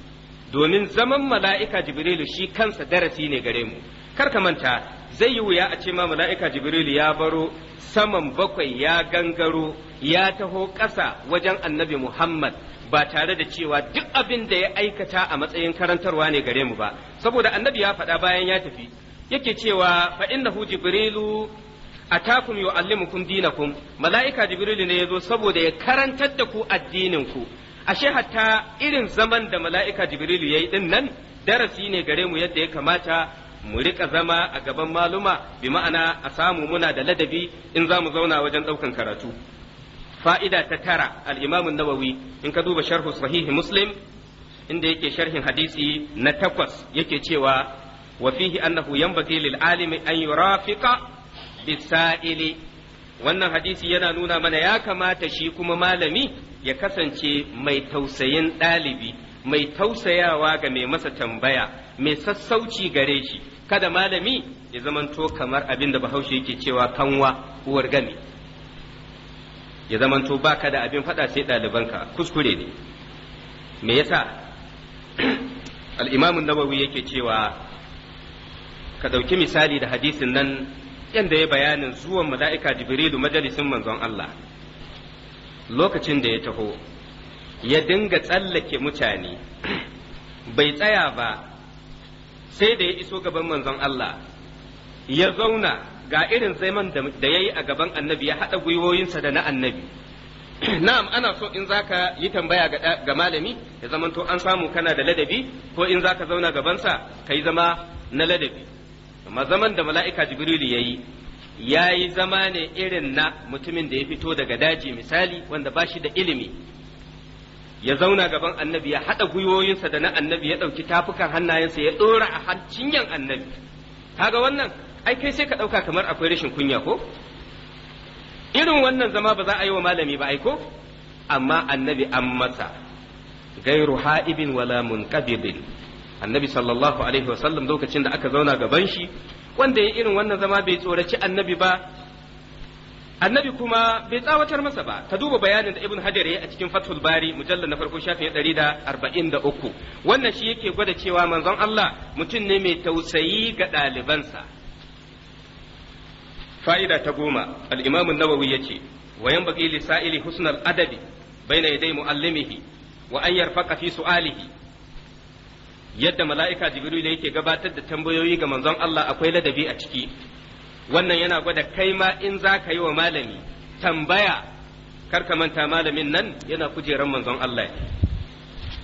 domin zaman mala'ika jibrilu shi kansa darasi ne gare mu kar ka manta zai yi wuya a ce ma mala'ika jibrilu ya baro saman bakwai ya gangaro ya taho ƙasa wajen annabi muhammad ba tare da cewa duk abin da ya aikata a matsayin karantarwa ne gare mu ba saboda annabi ya faɗa bayan ya tafi yake cewa faɗin innahu jibrilu atakum yu'allimukum dinakum mala'ika jibrilu ne yazo saboda ya karantar da ku addinin ku ashe hatta irin zaman da mala'ika jibrilu ya yi din nan darasi ne gare mu yadda ya kamata mu riƙa zama a gaban maluma bi ma'ana a samu muna da ladabi in za mu zauna wajen ɗaukan karatu fa'ida ta tara al nawawi in ka duba sharhu sahihi muslim inda yake sharhin hadisi na takwas yake cewa wa fihi annahu yanbaghi lil alimi an yurafiqa bisaili wannan hadisi yana nuna mana ya kamata shi kuma malami ya kasance mai tausayin ɗalibi mai tausayawa ga mai masa tambaya mai sassauci gare shi kada malami ya zamanto kamar abin da bahaushe yake cewa kanwa uwar gami ya zamanto ka da abin faɗa sai ɗalibanka kuskure ne me yasa al'imamun nawawi yake cewa ka ɗauki misali da hadisin nan yadda ya bayanin zuwan mala'ika jibrilu majalisin manzon Allah lokacin da ya taho ya dinga tsallake mutane bai tsaya ba sai da ya iso gaban manzon Allah ya zauna ga irin zaiman da ya yi a gaban annabi ya haɗa gwiwoyinsa da na annabi na'am ana so in zaka yi tambaya ga malami ya to an samu kana da ladabi ko in zaka zauna gabansa ka yi zama na ladabi amma zaman da mala'ika jibrilu ya yi ya yi zama ne irin na mutumin da ya fito daga daji misali wanda ba shi da ilimi ya zauna gaban annabi ya haɗa gwiwoyinsa da na annabi ya ɗauki tafukan hannayensa ya ɗora a hancinyan annabi kaga wannan ai kai sai ka ɗauka kamar akwai rashin kunya ko irin wannan zama ba za a yi wa malami ba ai ko amma annabi an masa gairu ha'ibin wala munqabidin annabi sallallahu alaihi wasallam lokacin da aka zauna gaban shi wanda ya irin wannan zama bai tsoraci annabi ba annabi kuma bai tsawatar masa ba ka duba bayanin da ibn hajar ya a cikin fathul bari mujallar na farko shafin uku. wannan shi yake gwada cewa manzon Allah mutum ne mai tausayi ga ɗalibansa fa'ida ta goma al-imam an-nawawi yace wa 'yan li sa'ili husnal adabi baina yaday muallimihi wa an yarfaqa fi su'alihi yadda mala'ika jibril yake gabatar da tambayoyi ga manzon Allah akwai ladabi a ciki wannan yana gwada kai ma in za ka yi wa malami tambaya karka manta malamin nan yana kujeran manzon Allah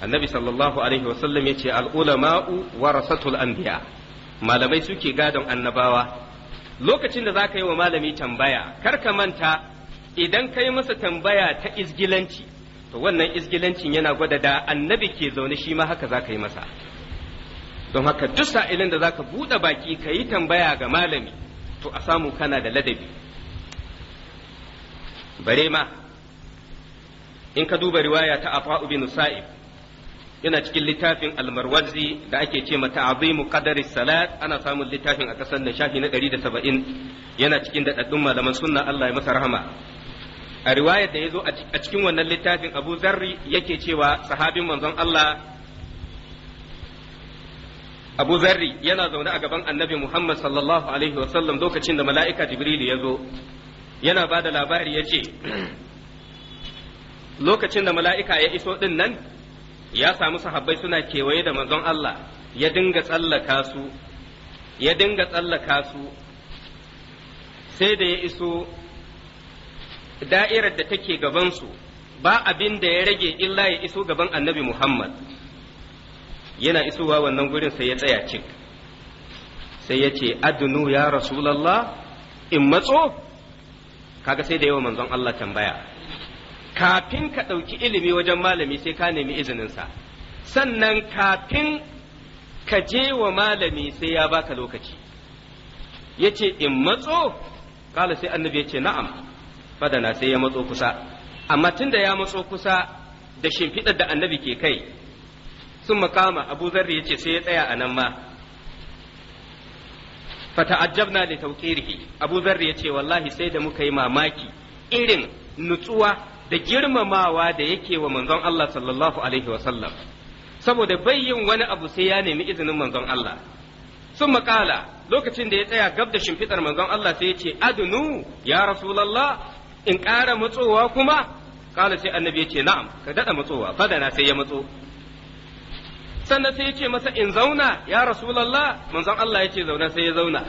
annabi sallallahu alaihi wasallam ya ce al'ulama'u rasatul anbiya malamai suke gadon annabawa lokacin da za ka yi wa malami tambaya karka manta idan ka yi masa tambaya ta izgilanci to wannan izgilancin yana gwada da annabi ke zaune shi ma haka za ka yi masa don haka duk sa'ilin da zaka buɗe baki ka yi tambaya ga malami to a samu kana da ladabi bare ma in ka duba riwaya ta afa'u bin sa'ib yana cikin littafin almarwazi da ake ce mata azimu qadari salat ana samun littafin a kasan da shafi na 170 yana cikin daɗaɗɗun malaman sunna Allah ya masa rahama a riwayar da ya zo a cikin wannan littafin abu zarri yake cewa sahabin manzon Allah Abu Zarri yana zaune a gaban Annabi Muhammad sallallahu alaihi wasallam lokacin da mala'ika Jibril ya zo yana ba da labari ya ce lokacin da mala'ika ya iso din nan ya samu sahabbai suna kewaye da manzon Allah ya dinga tsallaka su ya dinga tsallaka su sai da ya iso da'irar da take gabansu ba abin da ya rage illa ya iso gaban Annabi Muhammad yana isowa wannan gurin sai ya tsaya cik sai ya ce adnu ya rasulallah in matso kaga sai da yawa manzon Allah tambaya kafin ka ɗauki ilimi wajen malami sai ka nemi izininsa sannan kafin ka je wa malami sai ya baka lokaci Yace ce in matso kala sai annabi yace na'am fadana sai ya matso kusa amma tunda ya matso kusa da shimfiɗar da annabi ke kai sun makama abu zarri ya ce sai ya tsaya a nan ma fata'ajjabna li tawqirihi abu zarri ya ce wallahi sai da muka yi mamaki irin nutsuwa da girmamawa da yake wa manzon Allah sallallahu alaihi wasallam saboda bai yin wani abu sai ya nemi izinin manzon Allah sun makala lokacin da ya tsaya gab da shimfiɗar manzon Allah sai ya ce adunu ya rasulullah in ƙara matsowa kuma kala sai annabi ya ce na'am ka daɗa matsowa fadana sai ya matso sannan sai ya ce masa in zauna ya rasulallah manzon Allah ya ce zauna sai ya zauna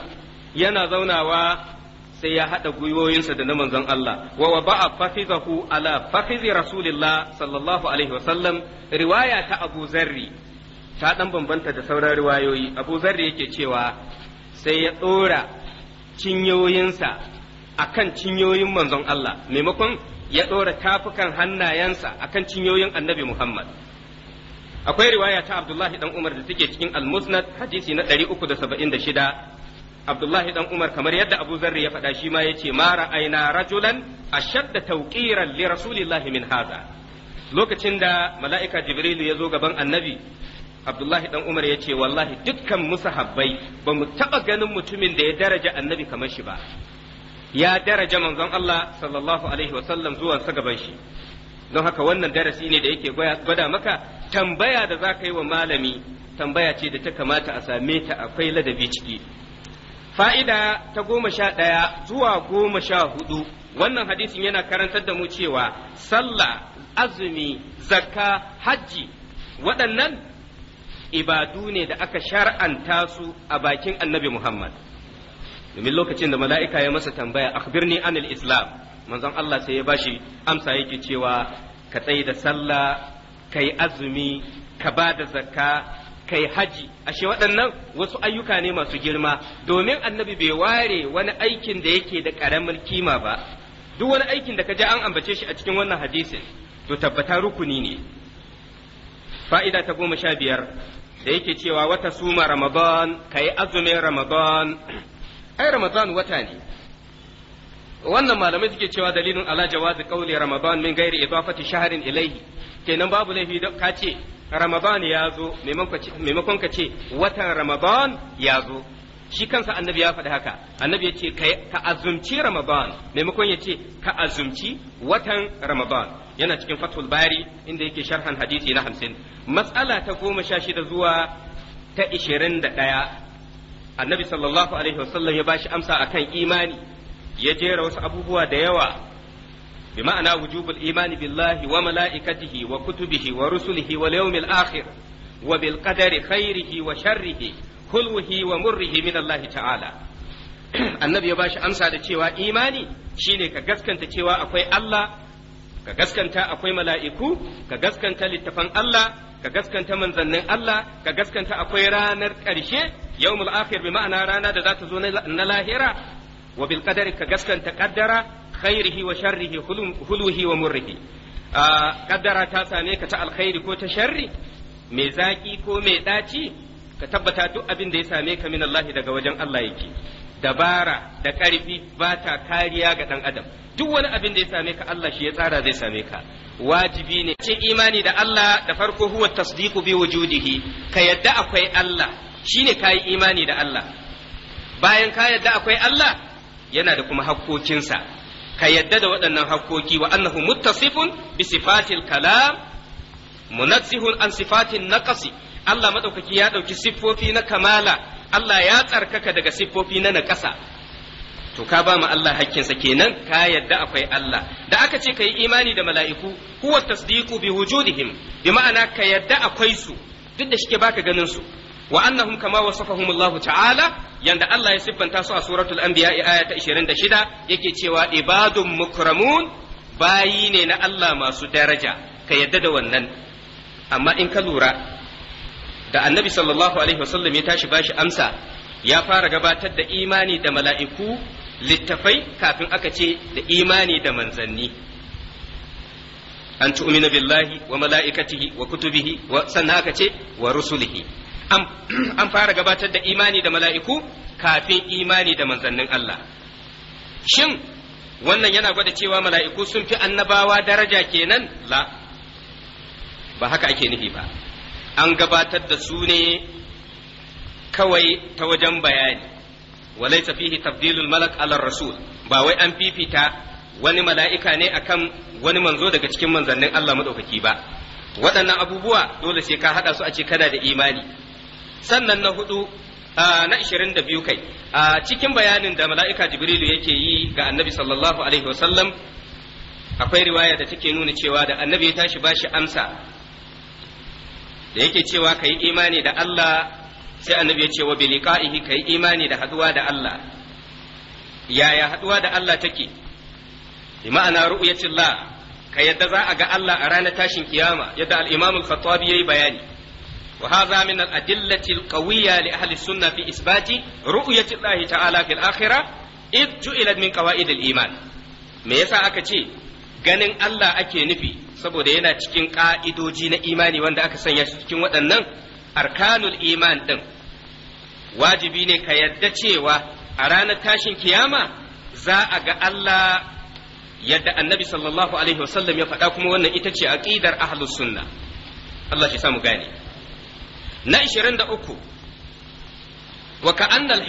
yana zaunawa sai ya haɗa gwiwoyinsa da na manzon Allah wa waba'a fafizahu ala fafizi rasulillah sallallahu alaihi wasallam riwaya ta Abu Zarri ta dan bambanta da sauran riwayoyi Abu Zarri yake cewa sai ya ɗora cinyoyinsa akan cinyoyin manzon Allah maimakon ya ɗora tafukan hannayensa akan cinyoyin annabi Muhammad akwai riwaya ta Abdullahi dan Umar da take cikin almusnad hadisi na 376 Abdullahi dan Umar kamar yadda Abu Zarri ya faɗa shi ma ce, ma ra'ayna rajulan ashadda tawqiran li rasulillahi min hadha lokacin da mala'ika Jibril ya zo gaban Annabi Abdullahi dan Umar ya ce wallahi dukkan musahabbai ba mu taɓa ganin mutumin da ya daraja annabi kamar shi ba ya daraja manzon Allah sallallahu alaihi wasallam zuwan sa gaban shi don haka wannan darasi ne da yake gwada maka tambaya da za ka yi wa malami tambaya ce da ta kamata a same ta akwai ladabi ciki fa'ida ta goma sha ɗaya zuwa goma sha hudu wannan hadisin yana karantar da mu cewa sallah azumi zakka hajji waɗannan ibadu ne da aka shar'anta su a bakin annabi muhammad domin lokacin da mala'ika ya masa tambaya akhbirni anil islam manzon Allah sai ya bashi amsa yake cewa ka tsaye da sallah kai azumi ka ba da zakka kai haji ashe waɗannan wasu ayyuka ne masu girma domin annabi bai ware wani aikin da yake da ƙaramin kima ba duk wani aikin da ka ji an ambace shi a cikin wannan hadisin to tabbata rukuni ne fa'ida ta goma sha biyar da yake cewa wata suma ramadan ka yi azumin ramadan ai ramadan wata ne wannan malamai suke cewa dalilin ala jawazi qawli ramadan min ghairi idafati shahrin ilayhi kenan babu laifi ka ce ramadan ya zo maimakon ka ce watan ramadan ya zo shi kansa annabi ya faɗi haka annabi ya ce ka azumci ramadan maimakon ya ce ka azumci watan ramadan yana cikin fathul bari inda yake sharhan hadisi na hamsin matsala ta goma sha shida zuwa ta ishirin da ɗaya annabi sallallahu alaihi wasallam ya bashi amsa akan imani ya jera wasu abubuwa da yawa bi ma'ana wujubul imani billahi wa mala'ikatihi wa kutubihi wa rusulihi wa yawmil akhir wa bil qadari khairihi wa sharrihi hulwihi wa murrihi min Allah ta'ala annabi ya bashi amsa da cewa imani shine ka gaskanta cewa akwai Allah ka gaskanta akwai mala'iku ka gaskanta littafan Allah ka gaskanta manzannin Allah ka gaskanta akwai ranar ƙarshe yawmul akhir bi ma'ana rana da za ta zo na lahira wa bil ka gaskanta kaddara khairihi wa sharrihi huluhi wa murrihi qaddara ta same ka ta alkhairi ko ta sharri mai zaƙi ko mai ɗaci, ka tabbata duk abin da ya same ka min Allah daga wajen Allah yake dabara da ƙarfi ba ta kariya ga ɗan adam duk wani abin da ya same ka Allah shi ya tsara zai same ka wajibi ne ce imani da Allah da farko huwa tasdiqu bi wujudihi ka yadda akwai Allah shine kai imani da Allah bayan ka yadda akwai Allah yana da kuma hakkokinsa ka yadda da waɗannan hakkoki wa annahu muttasifun bi sifatil kalam munazzihun an sifatin naqasi Allah madaukaki ya ɗauki siffofi na kamala Allah ya tsarkaka daga siffofi na naƙasa to ka ba mu Allah hakkinsa kenan ka yadda akwai Allah da aka ce ka yi imani da mala'iku huwa tasdiqu bi wujudihim bi ma'ana ka yadda akwai su duk da shike baka ganin su wa annahum kama wasafahum Allah ta'ala yanda Allah ya siffanta su a suratul anbiya aya ta 26 yake cewa ibadun mukramun bayi ne na Allah masu daraja ka yadda da wannan amma in ka lura da annabi sallallahu alaihi wasallam ya tashi bashi amsa ya fara gabatar da imani da mala'iku littafai kafin aka ce da imani da manzanni an tu'minu billahi wa mala'ikatihi wa kutubihi sannan aka ce wa rusulihi an fara gabatar da imani da mala'iku kafin imani da manzannin Allah shin wannan yana gwada cewa mala'iku sun fi annabawa daraja kenan la ba haka ake nufi ba an gabatar da su ne kawai ta wajen bayani walai fihi tabdilul malak ala rasul ba wai an fifita wani mala'ika ne akan wani manzo daga cikin manzannin Allah maɗaukaki ba waɗannan abubuwa dole sai ka haɗa su a ce kana da imani sannan na hudu na 22 kai a cikin bayanin da mala'ika jibrilu yake yi ga annabi sallallahu alaihi wasallam akwai riwaya da take nuna cewa da annabi ya tashi bashi amsa da yake cewa ka yi imani da Allah sai annabi ya ce wa biliqa'ihi ka yi imani da haduwa da Allah yaya haduwa da Allah take bi ma'ana ru'yatillah ka yadda za a ga Allah a ranar tashin kiyama yadda al-Imam al-Khattabi yayi bayani وهذا من الأدلة القوية لأهل السنة في إثبات رؤية الله تعالى في الآخرة إذ جعلت من قواعد الإيمان me yasa aka ce ganin Allah ake nufi saboda yana cikin ƙa'idoji na imani wanda aka sanya shi cikin waɗannan arkanul iman ɗin wajibi ne ka yadda cewa a ranar tashin kiyama za a ga Allah yadda annabi sallallahu alaihi wasallam ya faɗa kuma wannan ita ce aƙidar ahlus sunna Allah shi samu gane na 23 wa ka annal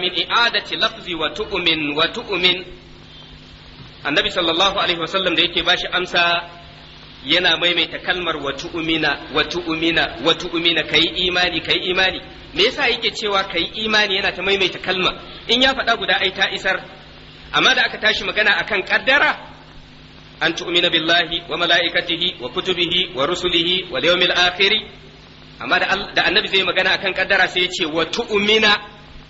min i'adati lafzi wa tu'min wa tu'min annabi sallallahu alaihi wasallam da yake bashi amsa yana maimaita kalmar wa tu'mina wa tu'mina wa tu'mina kai imani kai imani me yasa yake cewa kai imani yana ta maimaita kalma in ya faɗa guda ai ta isar amma da aka tashi magana akan kaddara an tu'mina billahi wa mala'ikatihi wa kutubihi wa rusulihi wa yawmil akhir amma da annabi zai magana akan kaddara sai ya ce wa tu'mina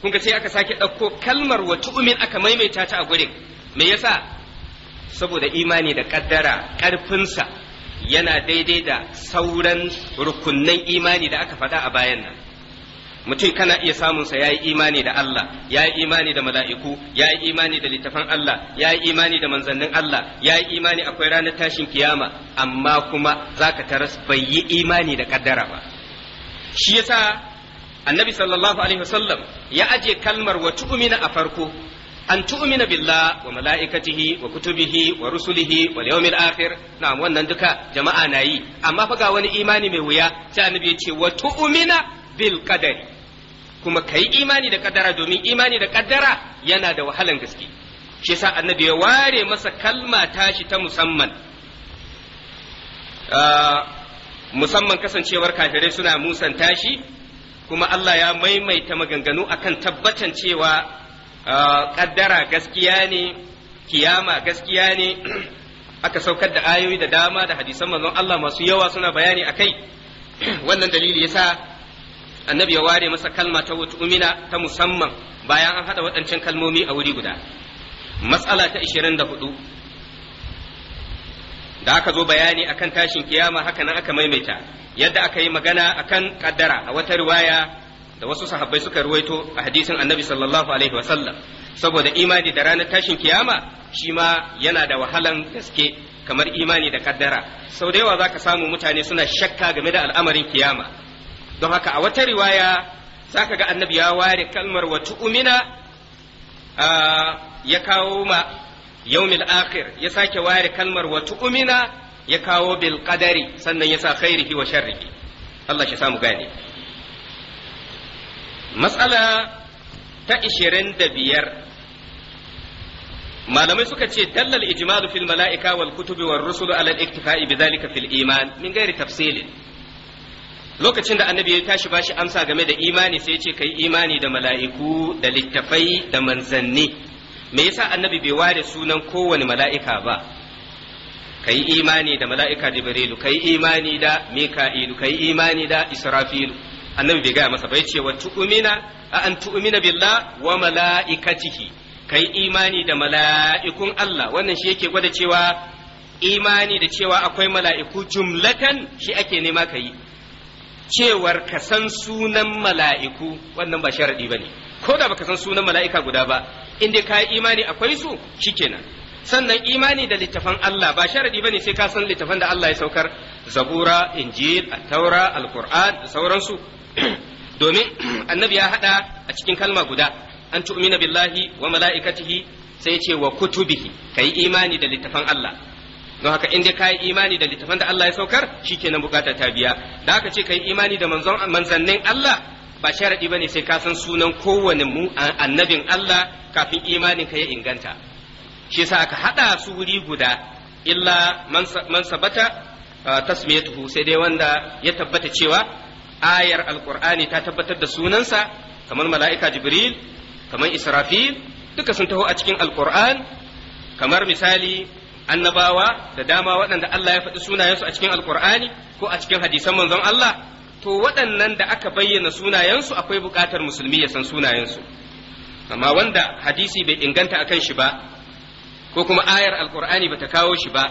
kun sai aka sake ɗauko kalmar wa tu'min aka maimaita ta a gurin me yasa saboda imani da kaddara ƙarfinsa yana daidai da sauran rukunnan imani da aka faɗa a bayan nan mutum kana iya samunsa ya yi imani da Allah ya yi imani da mala'iku ya yi imani da littafan Allah ya yi imani da manzannin Allah ya yi imani akwai ranar tashin kiyama amma kuma za ka taras bai yi imani da kaddara ba shi yasa annabi sallallahu alaihi wasallam ya aje kalmar wa tu'mina a farko an tu'mina billah wa mala'ikatihi wa kutubihi wa rusulihi wal yawmil akhir na'am wannan duka jama'a na yi amma fa ga wani imani mai wuya sai annabi ya ce wa tu'mina bil qadari kuma kai imani da kaddara domin imani da kaddara yana da wahalan gaske shi yasa annabi ya ware masa kalma tashi ta musamman ah, musamman kasancewar kafirai suna musanta shi kuma Allah ya maimaita maganganu akan tabbatan cewa uh, kaddara gaskiya ne kiyama gaskiya ne aka saukar da ayoyi da dama da hadisan manzon Allah masu yawa suna bayani akai wannan dalili yasa annabi ya ware masa kalma ta umina ta musamman bayan an hada waɗancan kalmomi a wuri guda matsala ta 24 da aka zo bayani akan tashin kiyama haka nan aka maimaita yadda aka yi magana akan kaddara a wata riwaya da wasu sahabbai suka ruwaito a hadisin annabi sallallahu alaihi wa sallam saboda imani da ranar tashin kiyama shi ma yana da wahalan gaske kamar imani da kaddara sau da yawa zaka samu mutane suna shakka game da al'amarin kiyama don haka a wata riwaya zaka ga annabi ya ware kalmar wa tu'mina ya kawo ma yawmil akhir ya sake ware kalmar wa tu'mina ya kawo bilkadari sannan ya sa khairihi wa sharrihi Allah shi samu gane matsala ta malamai suka ce dallal ijmalu fil mala'ika wal kutubi war rusulu ala al-iktifa'i bidhalika fil iman min ghairi lokacin da annabi ya tashi bashi amsa game da imani sai ya ce yi imani da mala'iku da littafai da manzanni me yasa annabi bai ware sunan kowane mala'ika ba ka yi imani da mala'ika jibrilu ka yi imani da mika'ilu ka yi imani da israfilu annabi bai gaya masa bai ce wa tu'umina a an tu'mina billah wa mala'ikatihi ka yi imani da mala'ikun Allah wannan shi yake gwada cewa imani da cewa akwai mala'iku jumlatan shi ake nema ka yi cewar ka san sunan mala'iku wannan ba sharadi ba ne ko da baka san sunan mala'ika guda ba in dai ka yi imani akwai su shikenan sannan imani da littafan Allah ba sharadi bane sai ka san littafan da Allah ya saukar zabura injil at-taura al-qur'an da sauransu domin annabi ya hada a cikin kalma guda an tu'mina billahi wa mala'ikatihi sai ce wa kutubihi kai imani da littafan Allah don haka in dai kai imani da littafan da Allah ya saukar shikenan bukata ta biya da aka ce kai imani da manzannin Allah ba sharadi bane sai ka san sunan kowane mu annabin Allah kafin imanin ka ya inganta shi yasa aka hada su wuri guda illa man sabata tasmiyatuhu sai dai wanda ya tabbata cewa ayar alqur'ani ta tabbatar da sunansa kamar mala'ika jibril kamar israfil duka sun taho a cikin alqur'an kamar misali annabawa da dama waɗanda Allah ya faɗi sunayensu a cikin alkur'ani ko a cikin hadisan manzon Allah to waɗannan da aka bayyana sunayensu akwai buƙatar musulmi ya san sunayensu amma wanda hadisi bai inganta akan shi ba ko kuma ayar alkur'ani bata kawo shi ba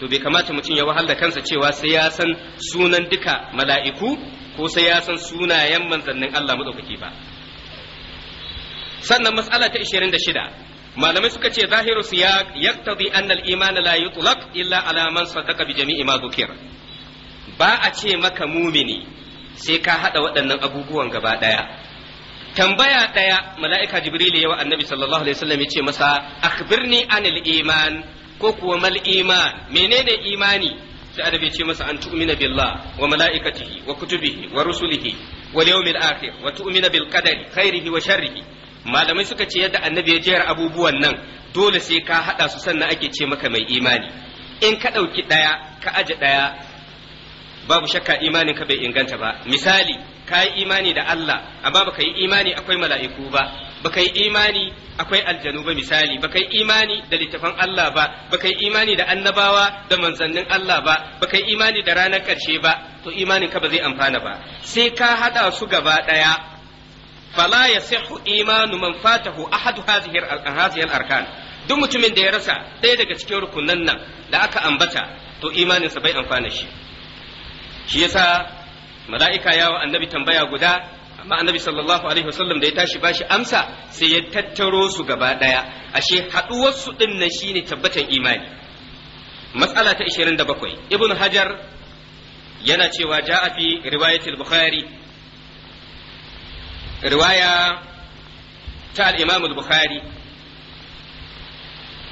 to bai kamata mutum ya wahala kansa cewa sai ya san sunan duka mala'iku ko sai ya san sunayen manzannin Allah madaukaki ba sannan mas'ala ta 26 malamai suka ce zahiru siyaq yaqtadi anna al-iman la yutlaq illa ala man sadaqa bi jami'i ma dhukira ba a ce maka mumini sai ka haɗa waɗannan abubuwan gaba ɗaya tambaya ɗaya mala'ika jibril yawa annabi sallallahu alaihi wasallam ya ce masa akhbirni anil iman ko kuwa mal iman menene imani sai annabi ya ce masa an tu'mina billah wa mala'ikatihi wa kutubihi wa rusulihi wa yawmil akhir wa tu'mina bil qadari khairihi wa sharrihi malamai suka ce yadda annabi ya jiyar abubuwan nan dole sai ka haɗa su sannan ake ce maka mai imani in ka ɗauki ɗaya ka aje ɗaya babu shakka imanin ka bai inganta ba misali ka yi imani da Allah amma baka yi imani akwai mala'iku ba baka yi imani akwai aljanu ba misali baka yi imani da littafan Allah ba baka yi imani da annabawa da manzannin Allah ba baka yi imani da ranar karshe ba to imanin ka ba zai amfana ba sai ka hada su gaba daya fala yasihu imanu man fatahu ahadu hadhihi al arkan duk mutumin da ya rasa ɗaya daga cikin rukunan nan da aka ambata to imaninsa bai amfana shi shi yasa mala'ika yawa annabi tambaya guda amma annabi sallallahu alaihi wasallam da ya tashi bashi amsa sai ya tattaro su gaba daya ashe haduwar su din nan shine tabbatan imani matsala ta 27 ibnu hajar yana cewa ja'a fi riwayatul bukhari riwaya ta al-imam al-bukhari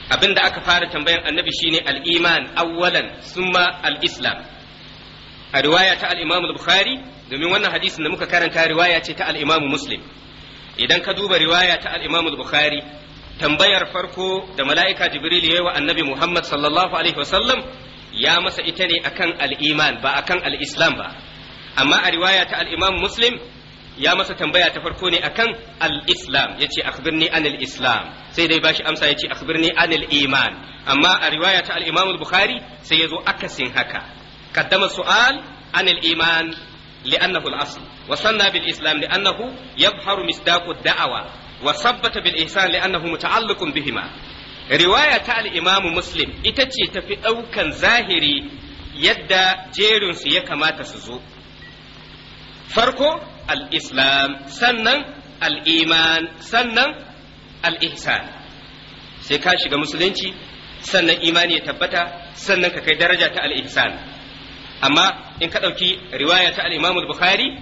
abinda aka fara tambayan annabi shine al-iman awwalan summa al-islam a riwaya ta al al-Bukhari domin wannan hadisin da muka karanta riwaya ce ta al Muslim idan ka duba riwaya ta al al-Bukhari tambayar farko da mala'ika Jibril yi wa Annabi Muhammad sallallahu alaihi wasallam ya masa ita ne akan al'iman ba akan al'islam ba amma a riwaya ta al Muslim ya masa tambaya ta farko ne akan al-islam yace akhbirni anil islam sai dai bashi amsa yace akhbirni anil iman amma a riwaya ta al al-Bukhari sai yazo akasin haka قدم السؤال عن الإيمان لأنه الأصل وصلنا بالإسلام لأنه يظهر مصداق الدعوة وثبت بالإحسان لأنه متعلق بهما رواية الإمام مسلم إتتي تفي أو كان ظاهري يدى جير سيكا ما تسزو فرق الإسلام سنن الإيمان سنن الإحسان سيكاشي مسلمتي sannan imani ya tabbata sannan ka kai daraja ta al-ihsan amma in ka ɗauki riwaya ta al-Imam bukhari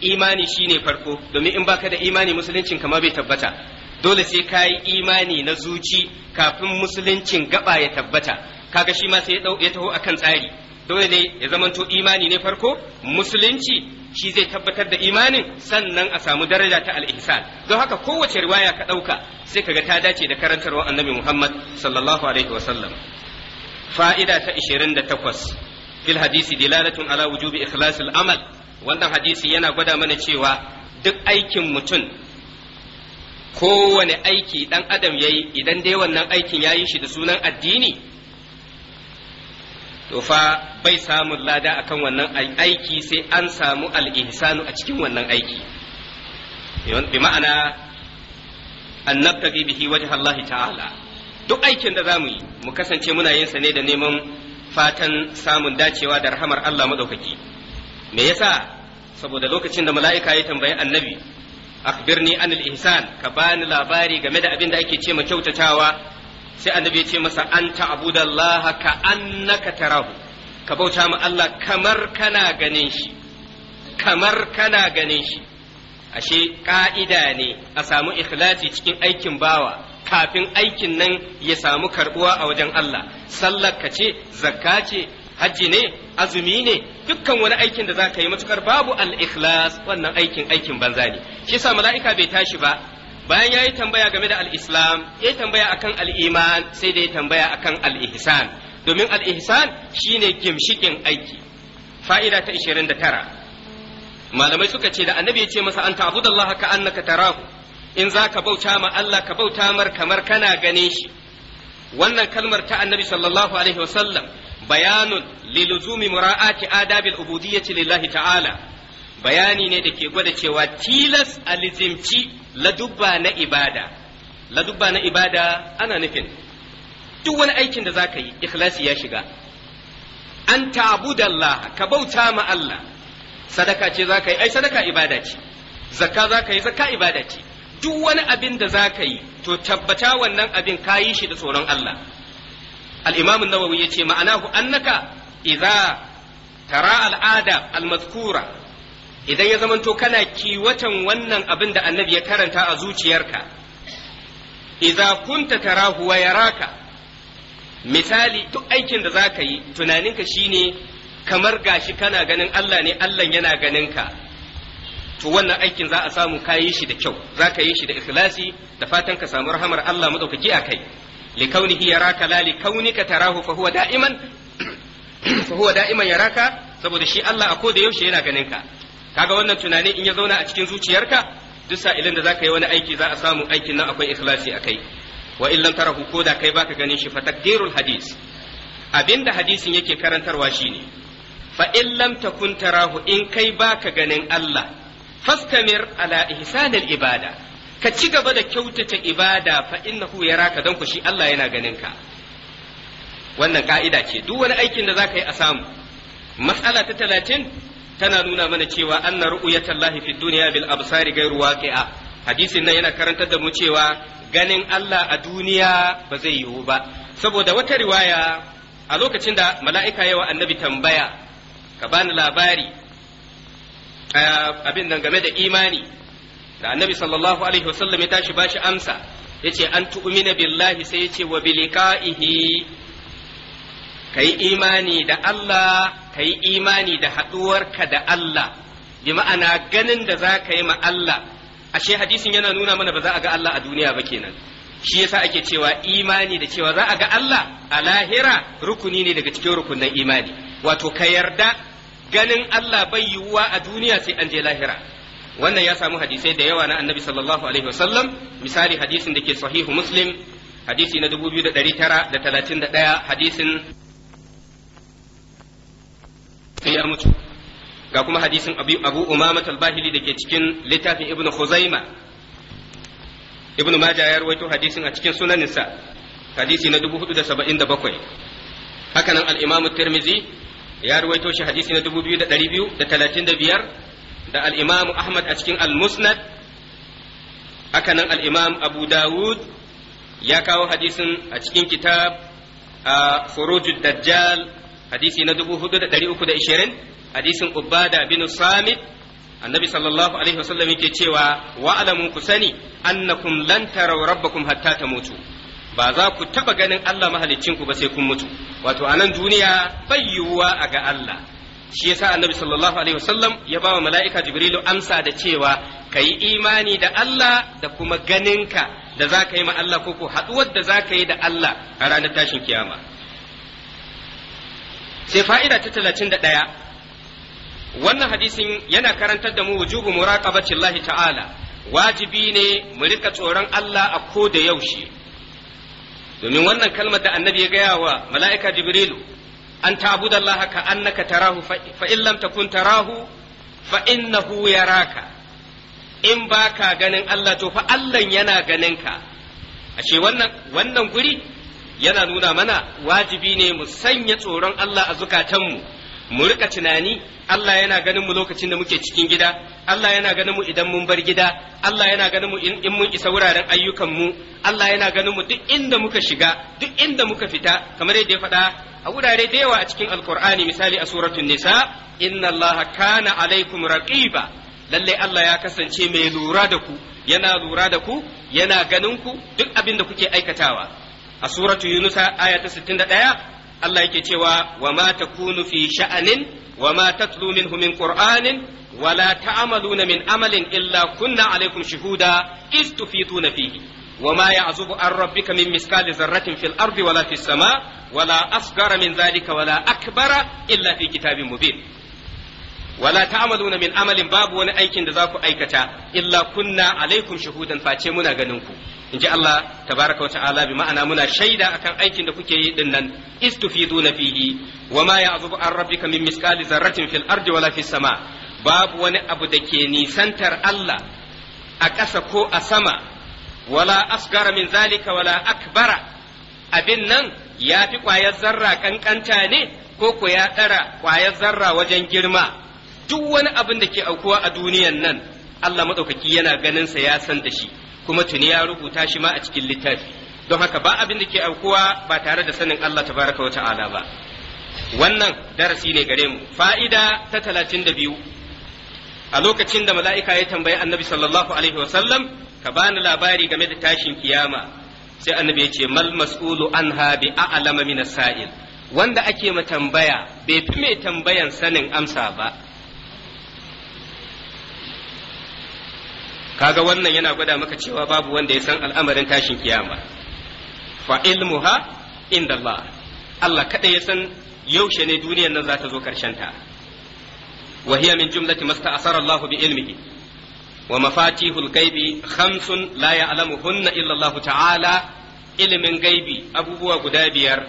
imani shine farko domin in baka da imani musuluncin kama bai tabbata dole sai ka yi imani na zuci kafin musuluncin gaba ya tabbata kaga shi ma sai ya taho akan tsari dole ne ya zamanto imani ne farko musulunci shi zai tabbatar da imanin sannan a samu daraja ta al-ihsan don haka kowace riwaya ka ɗauka sai ka ga ta dace da karantarwar annabi Muhammad sallallahu alaihi wa sallam, fa'ida ta 28 fil hadisi dilalatun ala wujubi ikhlasil amal wannan hadisi yana gwada mana cewa duk aikin mutum kowane aiki dan adam yayi idan dai wannan aikin yayi shi da sunan addini to fa bai samun lada akan wannan aiki sai an samu al a cikin wannan aiki bi ma'ana an nabtaghi bihi wajha Allah ta'ala duk aikin da zamu yi mu kasance muna yin sa ne da neman fatan samun dacewa da rahamar Allah madaukaki me yasa saboda lokacin da mala'ika ya tambayi annabi akhbirni anil ihsan ka bani labari game da abin da ake ce ma kyautatawa sai annabi ya ce masa anta Abudallah, ka annaka tarahu ka bauta ma Allah kamar kana ganin shi kamar kana ganin shi ashe ƙa'ida ne a samu ikhlasi cikin aikin bawa kafin aikin nan ya samu karbuwa a wajen Allah sallar ka ce zakka ce hajji ne azumi ne dukkan wani aikin da za ka yi matukar babu al-ikhlas wannan aikin aikin banza ne shi yasa mala'ika bai tashi ba bayan yayi tambaya game da al-islam yayi tambaya akan al-iman sai da ya tambaya akan al-ihsan domin al-ihsan shine gimshikin aiki fa'ida ta 29 malamai suka ce da annabi ya ce masa anta abudallaha ka annaka tarahu in za ka bauta ma Allah ka bauta mar kamar kana ganin shi wannan kalmar ta annabi sallallahu alaihi wasallam bayanun liluzumi mura'ati adabil ubudiyyati lillahi ta'ala bayani ne da ke gwada cewa tilas alizimci ladubba na ibada ladubba na ibada ana nufin duk wani aikin da zaka yi ikhlasi ya shiga an ta'budallaha ka bauta ma Allah sadaka ce zaka yi ai sadaka ibada ce zakka zaka yi zakka ibada ce duk wani abin da za ka yi to tabbata wannan abin ka yi shi da tsoron Allah al-imam an-nawawi yace hu annaka idza tara al-ada al-madhkura idan ya zamanto kana kiwatan wannan abin da annabi ya karanta a zuciyarka idza kunta tarahu wa yaraka misali duk aikin da za ka yi tunaninka shine kamar gashi kana ganin Allah ne Allah yana ganinka to wannan aikin za a samu ka yi shi da kyau za ka yi shi da ikhlasi da fatan ka samu rahamar Allah madaukaki a kai likaunihi yaraka la kaunika tarahu fa huwa da'iman fa huwa da'iman yaraka saboda shi Allah a koda yaushe yana ganin ka kaga wannan tunani in ya zauna a cikin zuciyarka duk sa'ilin da zaka yi wani aiki za a samu aikin nan akwai ikhlasi a kai wa illan tarahu ko da kai baka ganin shi fa takdirul hadis abinda hadisin yake karantarwa shine fa in takun tarahu in kai baka ganin Allah fastamir ala ihsanil ibada ka ci gaba da kyautata ibada fa innahu yaraka dan ku shi Allah yana ganin ka wannan ka'ida ce duk wani aikin da zaka yi a samu matsala ta talatin tana nuna mana cewa anna tallahi fid dunya bil absari ghairu waqi'a hadisin nan yana karantar da mu cewa ganin Allah a duniya ba zai yiwu ba saboda wata riwaya a lokacin da mala'ika yawa annabi tambaya ka bani labari abin nan game da imani da annabi sallallahu alaihi wasallam ya tashi bashi amsa yace an tu'mina billahi sai yace wa bilika'ihi kai imani da Allah kai imani da haduwarka da Allah bi ma'ana ganin da za ka yi ma Allah ashe hadisin yana nuna mana ba za a ga Allah a duniya ba kenan shi yasa ake cewa imani da cewa za a ga Allah a lahira rukuni ne daga cikin rukunin imani wato ka yarda ganin Allah bai yiwuwa a duniya sai an je lahira wannan ya samu hadisai da yawa na annabi sallallahu alaihi wasallam misali hadisin da ke sahihu muslim hadisi na 2931 hadisin sai ya mutu ga kuma hadisin abu umama talbahili da ke cikin littafin Ibn khuzaima Ibn majah ya rawaito hadisin a cikin sunaninsa hadisi na 477 hakanan al-imam tirmizi ya ruwaito shi hadisi na dubu biyu da biyu da da talatin biyar da imam Ahmad a cikin al-Musnad haka nan al Abu Dawud ya kawo hadisin a cikin kitab a Furujud Dajjal hadisi na dubu da da uku ishirin. hadisin Ubada bin Samit annabi sallallahu alaihi wasallam yake cewa wa alamu ku sani annakum lan taraw rabbakum hatta mutu. ba za ku taba ganin Allah mahaliccinku ba sai kun mutu wato a nan duniya bai yiwuwa a ga Allah shi yasa annabi sallallahu alaihi wasallam ya ba wa mala'ika jibrilu amsa da cewa kai imani da Allah da kuma ganinka da za ka yi ma Allah ko ko haduwar da za ka yi da Allah a ranar tashin kiyama sai fa'ida ta talatin da ɗaya wannan hadisin yana karantar da mu wujubu muraqabati Allah ta'ala wajibi ne mu rika tsoron Allah a ko da yaushe domin wannan kalmar da annabi ya gaya wa mala'ika jibrilu an ta'budallaha ka annaka tarahu fa in lam takun tarahu fa innahu yaraka in ba baka ganin Allah to fa Allah yana ganin ka ashe wannan wannan guri yana nuna mana wajibi ne mu sanya tsoron Allah a zukatanmu mu rika tunani Allah yana ganin mu lokacin da muke cikin gida Allah yana ganin mu idan mun bar gida Allah yana ganin mu in mun isa wuraren ayyukan mu Allah yana ganin mu duk inda muka shiga duk inda muka fita kamar yadda ya faɗa a wurare da yawa a cikin alkur'ani misali a suratul nisa inna allaha kana alaikum raqiba lalle Allah ya kasance mai lura da ku yana lura da ku yana ganin ku duk abin da kuke aikatawa a suratu yunusa aya ta 61 Allah yake cewa wa ma fi sha'anin wa ma tatlu minhu min amalin illa kunna alaikum shuhuda iz ya'zubu an min miskali zarratin fil ardi wala fis wala asghara min dhalika wala akbara illa kitabin mubin wala amalin babu wani aikin da za ku aikata illa kunna alaikum face muna ganin ku in ji Allah tabaraka wa ta'ala bi ma'ana muna shaida akan aikin da kuke yi dinnan nan istufiduna fihi wa ma ya'zubu an rabbika min misqali zarratin fil ardi wala fis sama babu wani abu da ke nisantar Allah a ƙasa ko a sama wala asgara min zalika wala akbara abin nan ya fi ƙwayar zarra kankanta ne ko ko ya ɗara ƙwayar zarra wajen girma duk wani abin da ke aukuwa a duniyan nan Allah maɗaukaki yana ganinsa ya san da shi kuma tuni ya rubuta shi ma a cikin littafi don haka ba abin da ke aukuwa ba tare da sanin Allah Ta baraka wa ta'ala ba wannan darasi ne gare mu fa'ida ta talatin da biyu a lokacin da mala'ika ya tambayi annabi sallallahu alaihi wasallam ka bani labari game da tashin kiyama sai annabi ya ce mal mas'ulu anha bi a'lama min sa'il wanda ake ma tambaya bai fi mai tambayan sanin amsa ba kaga wannan yana gwada maka cewa babu wanda ya san al'amarin tashin kiyama fa ilmuha inda Allah Allah kada ya san yaushe ne duniyar nan za ta zo karshen ta wa hiya min jumlati masta asara Allah bi ilmihi wa mafatihul ghaibi khamsun la ya'lamuhunna illa Allah ta'ala ilmin gaibi abubuwa guda biyar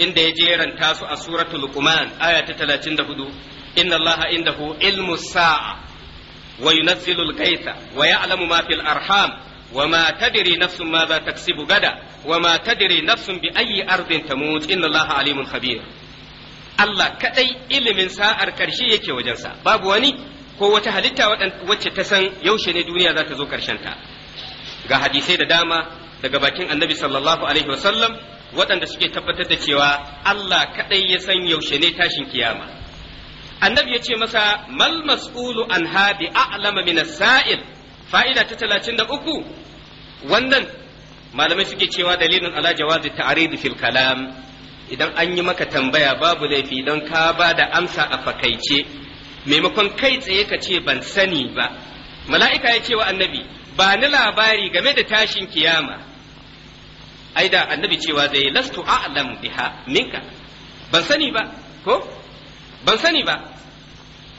inda ya jeranta su a suratul luqman aya ta 34 inna Allah indahu ilmus sa'a wa yunazzilul gaitha wa ya'lamu ma fil arham wa ma tadri nafsun ma za taksibu gada wa ma tadri nafsun bi ayyi ardin tamut inna allaha alimun khabir Allah kaɗai ilimin sa'ar karshe yake wajensa babu wani ko wata halitta wacce ta san yaushe ne duniya za ta zo ta ga hadisai da dama daga bakin annabi sallallahu alaihi wasallam waɗanda suke tabbatar da cewa Allah kaɗai ya san yaushe ne tashin kiyama annabi ya ce masa mal mas'ulu an hadi a'lama min sa'il fa'ida ta 33 wannan malamai suke cewa dalilin ala jawazi ta'rid fil kalam idan an yi maka tambaya babu laifi don ka ba da amsa a fakaice maimakon kai tsaye ka ce ban sani ba mala'ika ya ce wa annabi ba ni labari game da tashin kiyama ai da annabi cewa zai lastu a'lam biha minka ban sani ba ko ban sani ba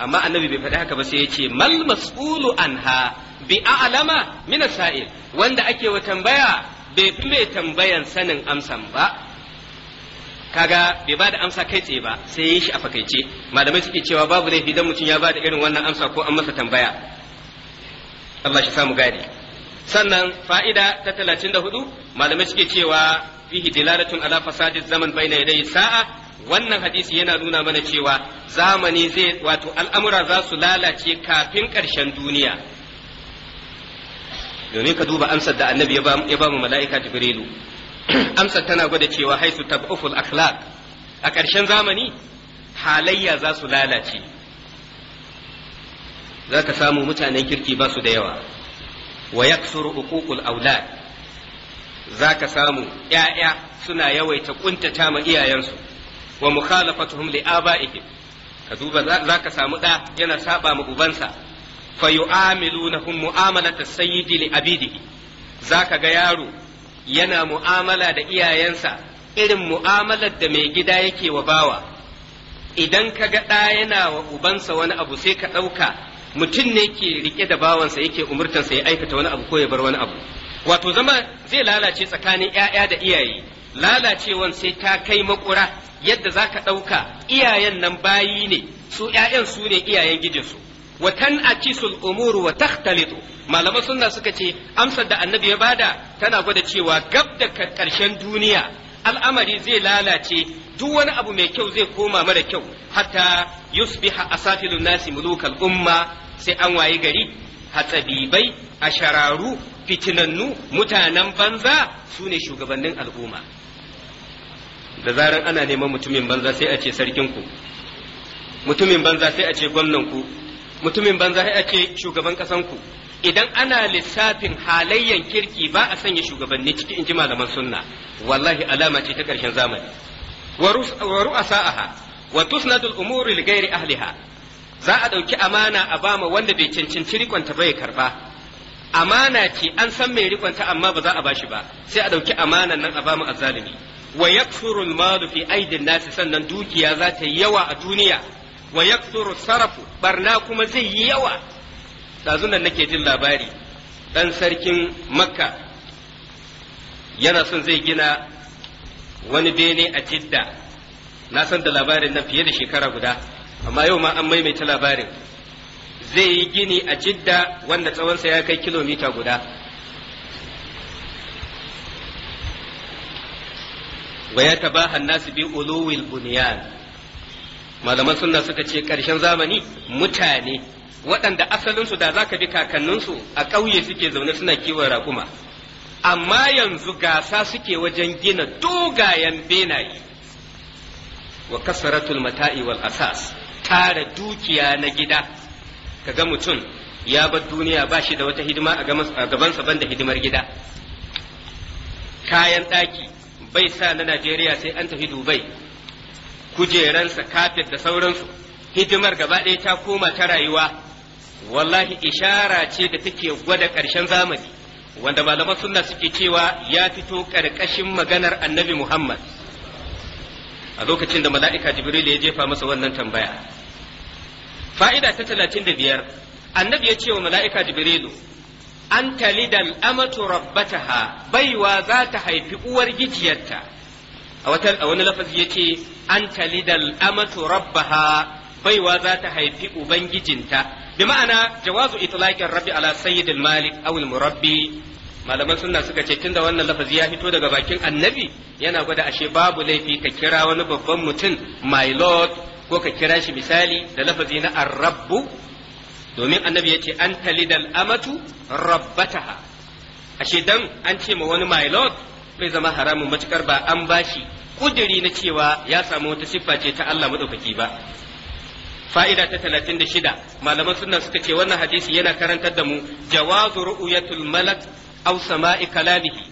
amma annabi bai faɗi haka ba sai ya ce mal mas'ulu anha bi a'lama min sa'il wanda ake wa tambaya bai fi mai tambayan sanin amsan ba kaga bai bada amsa kai tsaye ba sai yi shi a fakaice malamai suke cewa babu laifi dan mutum ya bada irin wannan amsa ko an masa tambaya Allah shi samu gadi sannan fa'ida ta 34 malamai suke cewa fihi dilalatun ala fasadi zaman baina yadayi sa'a wannan hadisi yana nuna mana cewa zamani zai wato al'amura za su lalace kafin ƙarshen duniya domin ka duba amsar da annabi ya ba mu mala'ika jibrilu amsar tana gwada cewa haisu tab'uful akhlaq a ƙarshen zamani halayya za su lalace za ka samu mutanen kirki ba su da yawa wa yaksuru uququl aulad za ka samu ‘ya'ya suna yawaita ƙuntata ma iyayensu wa mukhalafatuhum li aba'ihim ka duba zaka samu da yana saba ma ubansa fa yu'amilunahum mu'amalatas sayyidi li abidihi zaka ga yaro yana mu'amala da iyayensa irin mu'amalar da mai gida yake wa bawa idan ka ga ɗa yana wa ubansa wani abu sai ka ɗauka mutum ne ke rike da bawansa yake umurtansa ya aikata wani abu ko ya bar wani abu wato zama zai lalace tsakanin ‘ya'ya da iyaye lalacewan sai ta kai makura yadda za ka ɗauka iyayen nan bayi ne su ‘ya'yan su ne iyayen gijinsu wa tan akisul umuru wa takhtalitu malaman sunna suka ce amsar da annabi ya bada tana gwada cewa gab da ƙarshen duniya al'amari zai lalace duk wani abu mai kyau zai koma mara kyau hatta yusbiha asafilun nasi mulukal umma sai an wayi gari hatsabibai ashararu fitinannu mutanen banza su ne shugabannin al'umma da zarar ana neman mutumin banza sai a ce sarkinku mutumin banza sai a ce gwamnanku mutumin banza sai a ce shugaban ƙasanku idan ana lissafin halayyan kirki ba a sanya shugabanni ciki in malaman sunna wallahi alama ce ta karshen zamani wa ru'asa'aha wa tusnadul umuri li ghairi ahliha za a ɗauki amana a bama wanda bai cancanci rikonta ba ya karba amana ce an san mai rikonta amma ba za a bashi ba sai a ɗauki amanan nan a bama azzalimi wa yakthuru al fi aidin nasi sannan dukiya za ta yi yawa a duniya wa yakthuru sarafu barna kuma zai yi yawa dazu nan nake jin labari dan sarkin makka yana son zai gina wani bene a jidda na san da labarin nan fiye da shekara guda amma yau ma an maimaita labarin zai yi gini a jidda wanda tsawonsa ya kai kilomita guda wa ya tabaha nasu bi uluwil bunyan malaman sunna suka ce karshen zamani mutane waɗanda asalinsu da zaka bi kakanninsu a ƙauye suke zaune suna kiwon raƙuma amma yanzu gasa suke wajen gina dogayen benaye wa kasaratul mata'i wal asas tara dukiya na gida kaga mutum ya bar duniya ba shi da wata hidima a gabansa banda hidimar gida kayan ɗaki bai sa na Najeriya sai an tafi Dubai kujeransa kafet da sauransu hidimar gaba ɗaya ta koma ta rayuwa wallahi ishara ce da take gwada ƙarshen zamani wanda malaman sunna suke cewa ya fito ƙarƙashin maganar annabi Muhammad a lokacin da mala'ika Jibril ya jefa masa wannan tambaya fa'ida ta talatin da biyar annabi ya ce wa mala'ika Jibrilu an talidal amatu rabbataha baiwa za ta haifi uwar gijiyarta a wani lafazi ce an talidal amatu rabbaha baiwa za ta haifi ubangijinta bi ma'ana jawazu itlaqin rabbi ala sayyidil malik aw al murabbi malaman sunna suka ce tunda wannan lafazi ya fito daga bakin annabi yana gwada ashe babu laifi ka kira wani babban mutum my lord ko ka kira shi misali da lafazi na arrabbu domin annabi ya ce an talidal amatu rabbataha ashe dan an ce ma wani my lord bai zama haramun matukar ba an bashi kudiri na cewa ya samu wata siffa ce ta Allah madaukaki ba fa'ida ta 36 malaman sunna suka ce wannan hadisi yana karantar da mu jawazu ru'yatul malak aw sama'i kalamihi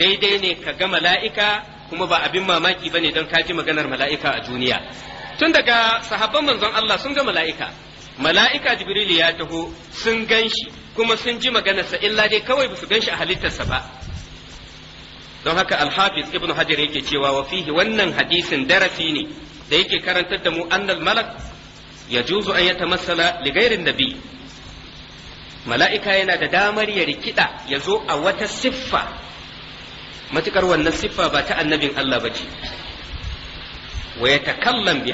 daidai ne ka ga mala'ika kuma ba abin mamaki bane don ka ji maganar mala'ika a duniya tun daga sahabban manzon Allah sun ga mala'ika mala'ika jibril ya taho sun gan shi kuma sun ji maganarsa illa dai kawai basu gan shi a halittarsa ba don haka alhafiz ibnu hajar yake cewa wa fihi wannan hadisin darasi ne da yake karantar da mu annal malak ya juzu an yatamassala li gairin nabi mala'ika yana da damar ya rikida ya zo a wata siffa matukar wannan siffa ba ta annabin Allah ba ce wa ya takallam bi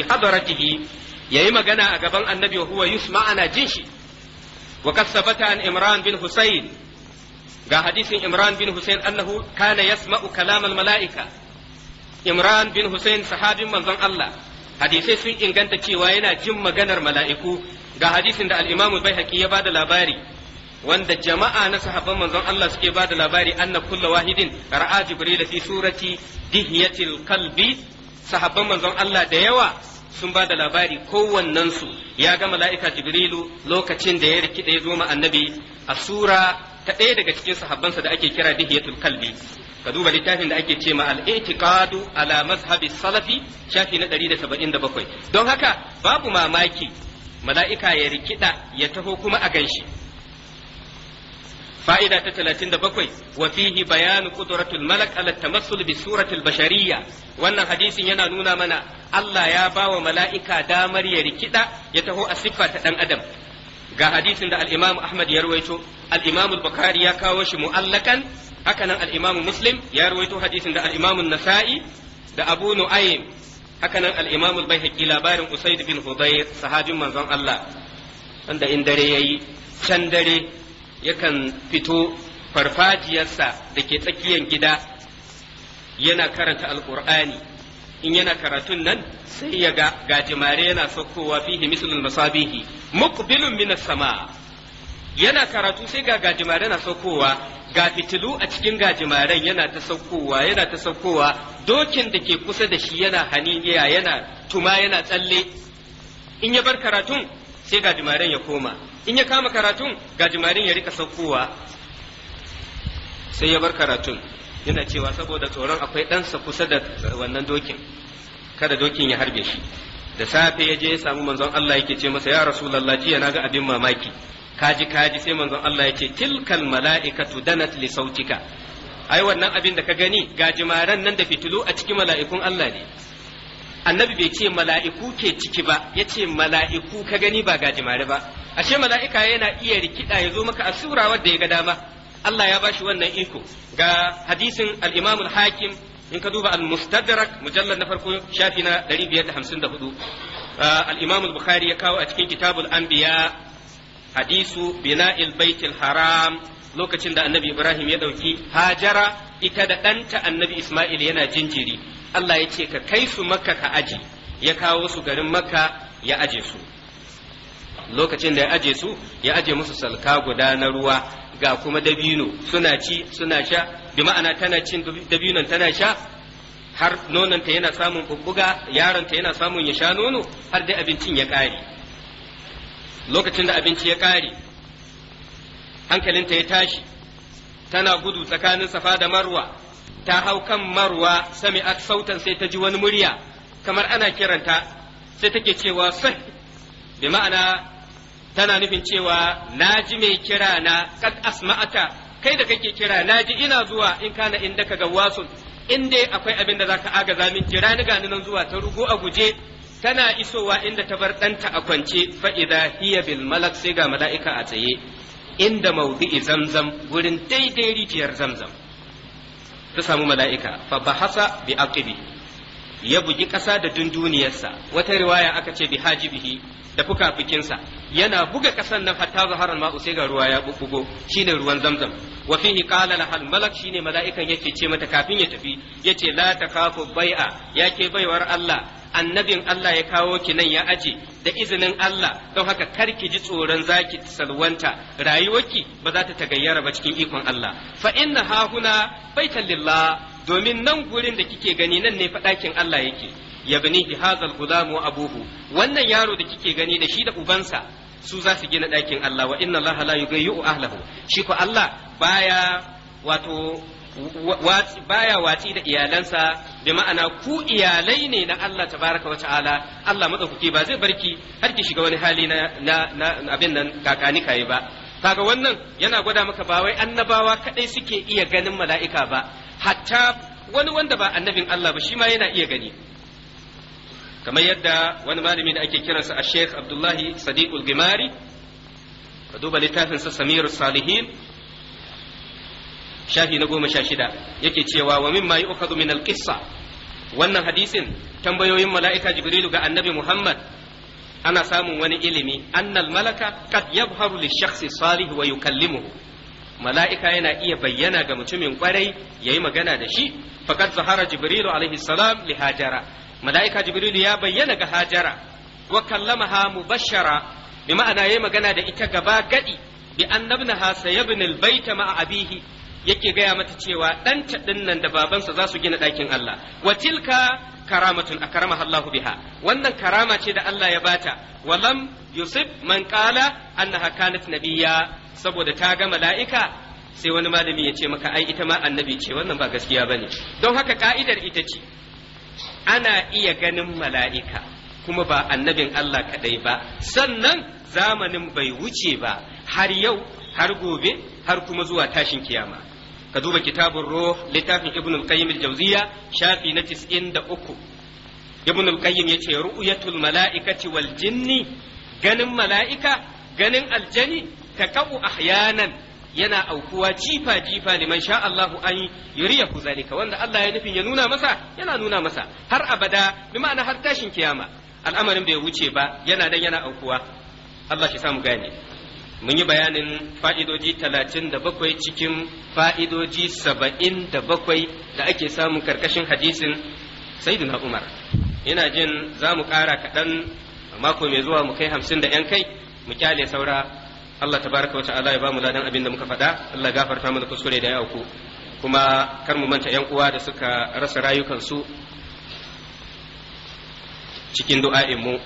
hadaratihi yayi magana a gaban annabi huwa yusma ana jin shi wa qad an imran bin husayn ga hadisin imran bin husayn annahu kana yasma'u kalam al mala'ika imran bin husayn sahabin manzon Allah hadisai sun inganta cewa yana jin maganar mala'iku ga hadisin da al-imam al-baihaqi ya bada labari wanda jama'a na sahabban manzon Allah suke bada labari anna kulla wahidin ra'a jibril fi surati dihyatil qalbi sahabban manzon Allah da yawa sun ba da labari kowannensu ya ga mala'ika jibrilu lokacin da ya rikide ya zo annabi a sura ta ɗaya daga cikin sahabbansa da ake kira dihiyatul kalbi ka duba littafin da ake ce ma al-i'tiqadu ala mazhabi salafi shafi na 177 don haka babu mamaki mala'ika ya rikida ya taho kuma a ganshi fa'ida ta talatin da wa fihi bayanu qudratul malak ala tamassul bi suratil bashariyya wannan hadisin yana nuna mana Allah ya bawa mala'ika damar ya rikida ya taho a siffa ta dan adam ga hadisin da al Ahmad ya ruwaito al bukhari ya kawo shi mu'allakan haka nan Muslim ya ruwaito hadisin da al nasai da Abu Nu'aym haka nan al-Imam al-Baihaqi labarin Usayd bin Hudayr sahabin manzon Allah wanda in dare yayi can dare yakan fito farfajiyarsa da ke tsakiyar gida yana karanta alkur'ani in yana karatun nan sai ya ga gajimare yana saukowa fihi mislul masabihi muqbilun minas sama yana karatu sai ga gajimare yana saukowa ga fitilu a cikin gajimaren yana ta saukowa yana ta saukowa dokin da ke kusa da shi yana haniniya yana tuma yana tsalle in ya bar karatun sai gajimaren ya koma in ya kama karatun jimarin ya rika saukowa sai ya bar karatun yana cewa saboda tsoron akwai ɗansa kusa da wannan dokin kada dokin ya harbe shi da safe ya je ya samu manzon Allah yake ce masa ya rasulullah jiya naga abin mamaki kaji kaji sai manzon Allah yake tilkal mala'ikatu danat li sautika ai wannan abin da ka gani jimaran nan da fitilu a cikin mala'ikun Allah ne annabi bai ce mala'iku ke ciki ba yace mala'iku ka gani ba gajimare ba ashe mala'ika yana iya rikida ya zo maka a sura wadda ya ga dama Allah ya bashi wannan iko ga hadisin al-Imam al-Hakim in ka duba al-Mustadrak mujallad na farko shafi na 554 al-Imam al-Bukhari ya kawo a cikin kitabul anbiya hadisu bina'il baitil haram lokacin da annabi Ibrahim ya dauki Hajara ita da ɗanta annabi Ismail yana jinjiri Allah ya ce ka kai su maka ka aji ya kawo su garin maka ya aje su lokacin da ya aje su ya aje musu salka guda na ruwa ga kuma dabino suna ci suna sha bi ma'ana tana cin dabinon tana sha har nononta yana samun bubbuga yaronta yana samun ya sha nono har dai abincin ya ƙare lokacin da abinci ya ƙare hankalinta ya tashi tana gudu tsakanin safa da marwa ta hau kan marwa sami asautan sautan sai ta ji wani murya kamar ana kiranta sai take cewa sai bi ma'ana tana nufin cewa naji mai kira na kad asma'ata kai da kake kira naji ina zuwa in kana inda ka ga wasun in dai akwai abin da zaka agaza min kira ni gani nan zuwa ta rugo a guje tana isowa inda ta bar ɗanta a kwance fa idza hiya bil malak sai ga mala'ika a tsaye inda mawdi'i zamzam gurin daidai rijiyar zamzam ta samu mala'ika fa bahasa bi aqibi ya bugi ƙasa da dunduniyarsa wata riwaya aka ce bi hajibihi da fuka fukafukinsa yana buga kasan nan hatta zaharar ma'u sai ga ruwa ya bubbugo shine ruwan zamzam wa fihi qala lahal malak shine mala'ikan yake ce mata kafin ya tafi yace la takafu bai'a yake baiwar Allah annabin Allah ya kawo ki nan ya aje da izinin Allah don haka kar ki ji tsoron zaki salwanta rayuwarki ba za ta tagayyara ba cikin ikon Allah fa inna hahuna baitan lillah domin nan gurin da kike gani nan ne fadakin Allah yake yabnihi hadha al-ghulam wa abuhu wannan yaro da kike gani da shi da ubansa su za su gina ɗakin Allah wa inna Allah la yugayyu ahlahu shi ko Allah baya wato baya watsi da iyalansa bi ma'ana ku iyalai ne na Allah tabaraka wa ta'ala Allah madaukaki ba zai barki har ki shiga wani hali na na abin nan kakani kai ba kaga wannan yana gwada maka ba wai annabawa kadai suke iya ganin mala'ika ba hatta wani wanda ba annabin Allah ba shi ma yana iya gani kamar yadda wani malami da ake kiransa a sheikh abdullahi sadiqul gimari ka duba littafinsa samiru salihin shafi na goma sha shida yake cewa wa mimma yu'khadhu min al wannan hadisin tambayoyin mala'ika jibrilu ga annabi muhammad ana samun wani ilimi annal malaka kad yabharu li shakhsi salih wa yukallimuhu mala'ika yana iya bayyana ga mutumin kwarai ya yi magana da shi fakat zahara jibrilu alaihi salam li hajara mala'ika jibrilu ya bayyana ga hajara wa kallamaha mubashshara bi ma'ana yayi magana da ita gaba gadi bi annabnaha sayabni albayta ma'a abihi yake gaya mata cewa ɗanta ɗin nan da babansa za su gina ɗakin Allah wa tilka karamatun karama Allahu biha wannan karama ce da Allah ya bata walam Yusuf, man qala annaha kanat nabiyya saboda ta ga mala'ika sai wani malami ya ce maka ai ita ma annabi ce wannan ba gaskiya bane don haka ka'idar ita ce ana iya ganin mala'ika kuma ba annabin Allah kaɗai ba sannan zamanin bai wuce ba har yau har gobe har kuma zuwa tashin kiyama ka duba kitabun ruh littafin ibn al-qayyim al-jawziya shafi na 93 ibn al-qayyim yace ru'yatul mala'ikati wal jinni ganin mala'ika ganin aljani ta a ahyanan yana aukuwa jifa jifa man sha Allahu an ku zalika wanda Allah ya nufin ya nuna masa yana nuna masa har abada bi ma'ana har tashin kiyama al'amarin bai wuce ba yana dan yana aukuwa Allah shi samu gane mun yi bayanin fa'idoji talatin da cikin fa'idoji saba'in da bakwai da ake samu karkashin hadisin sayyidina Umar ina jin za mu ƙara kaɗan mako mai zuwa mu kai hamsin da ‘yan kai mu kyale saura Allah ta tabaraka ta'ala ya bamu ladan abin da muka faɗa Allah gafarta mana kuskure da ya auku kuma kar mu manta yan uwa da suka rasa rayukansu cikin du'a'in mu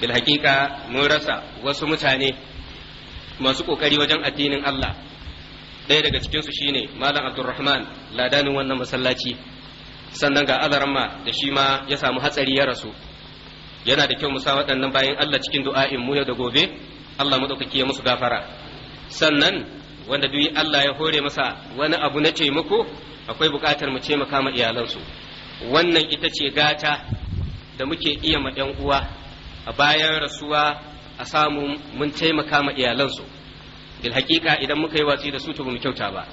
bil haƙiƙa mun rasa wasu mutane masu ƙoƙari wajen addinin Allah ɗaya daga cikin su shine malam abdulrahman ladanin wannan masallaci sannan ga alarma da shi ma ya samu hatsari ya rasu yana da kyau mu sa waɗannan bayan Allah cikin du'a'in mu yau da gobe Allah madaukaki ya musu gafara sannan wanda duk Allah ya hore masa wani abu na taimako akwai buƙatar mu taimaka ma iyalansu wannan ita ce gata da muke iya ma ‘yan uwa a bayan rasuwa a samu mun taimaka ma iyalansu bil hakika idan muka yi watsi da su to mu kyauta ba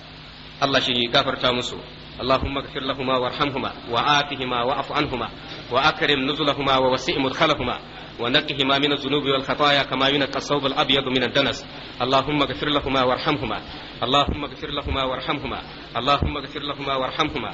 Allah shi gafarta musu اللهم اغفر لهما وارحمهما وآتهما واعف عنهما وأكرم نزلهما ووسع مدخلهما ونقهما من الذنوب والخطايا كما ينقى الثوب الأبيض من الدنس اللهم اغفر لهما وارحمهما اللهم اغفر لهما وارحمهما اللهم اغفر لهما وارحمهما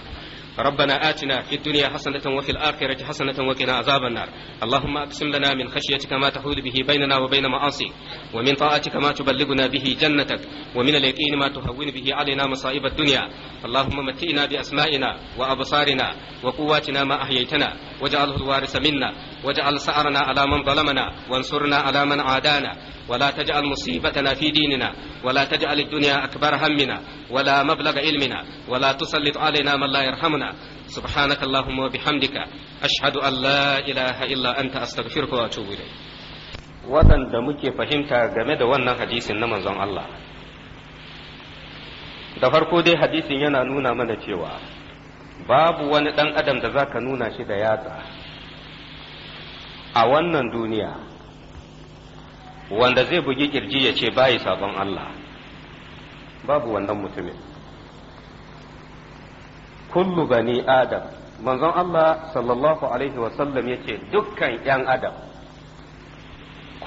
ربنا آتنا في الدنيا حسنة وفي الآخرة حسنة وقنا عذاب النار اللهم أقسم لنا من خشيتك ما تحول به بيننا وبين معاصيك ومن طاعتك ما تبلغنا به جنتك ومن اليقين ما تهون به علينا مصائب الدنيا اللهم متئنا بأسمائنا وأبصارنا وقواتنا ما أحييتنا واجعله الوارث منا واجعل سعرنا على من ظلمنا وانصرنا على من عادانا ولا تجعل مصيبتنا في ديننا ولا تجعل الدنيا أكبر همنا ولا مبلغ علمنا ولا تسلط علينا من لا يرحمنا سبحانك اللهم وبحمدك أشهد أن لا إله إلا أنت أستغفرك وأتوب إليك waɗanda muke fahimta game da wannan hadisin na manzon Allah da farko dai hadisin yana nuna mana cewa babu wani ɗan adam da za ka nuna shi da yatsa a wannan duniya wanda zai bugi kirji ya ce bayi sabon Allah babu wannan mutumin kullu bani adam manzon Allah sallallahu alaihi wasallam ya ce dukkan 'yan adam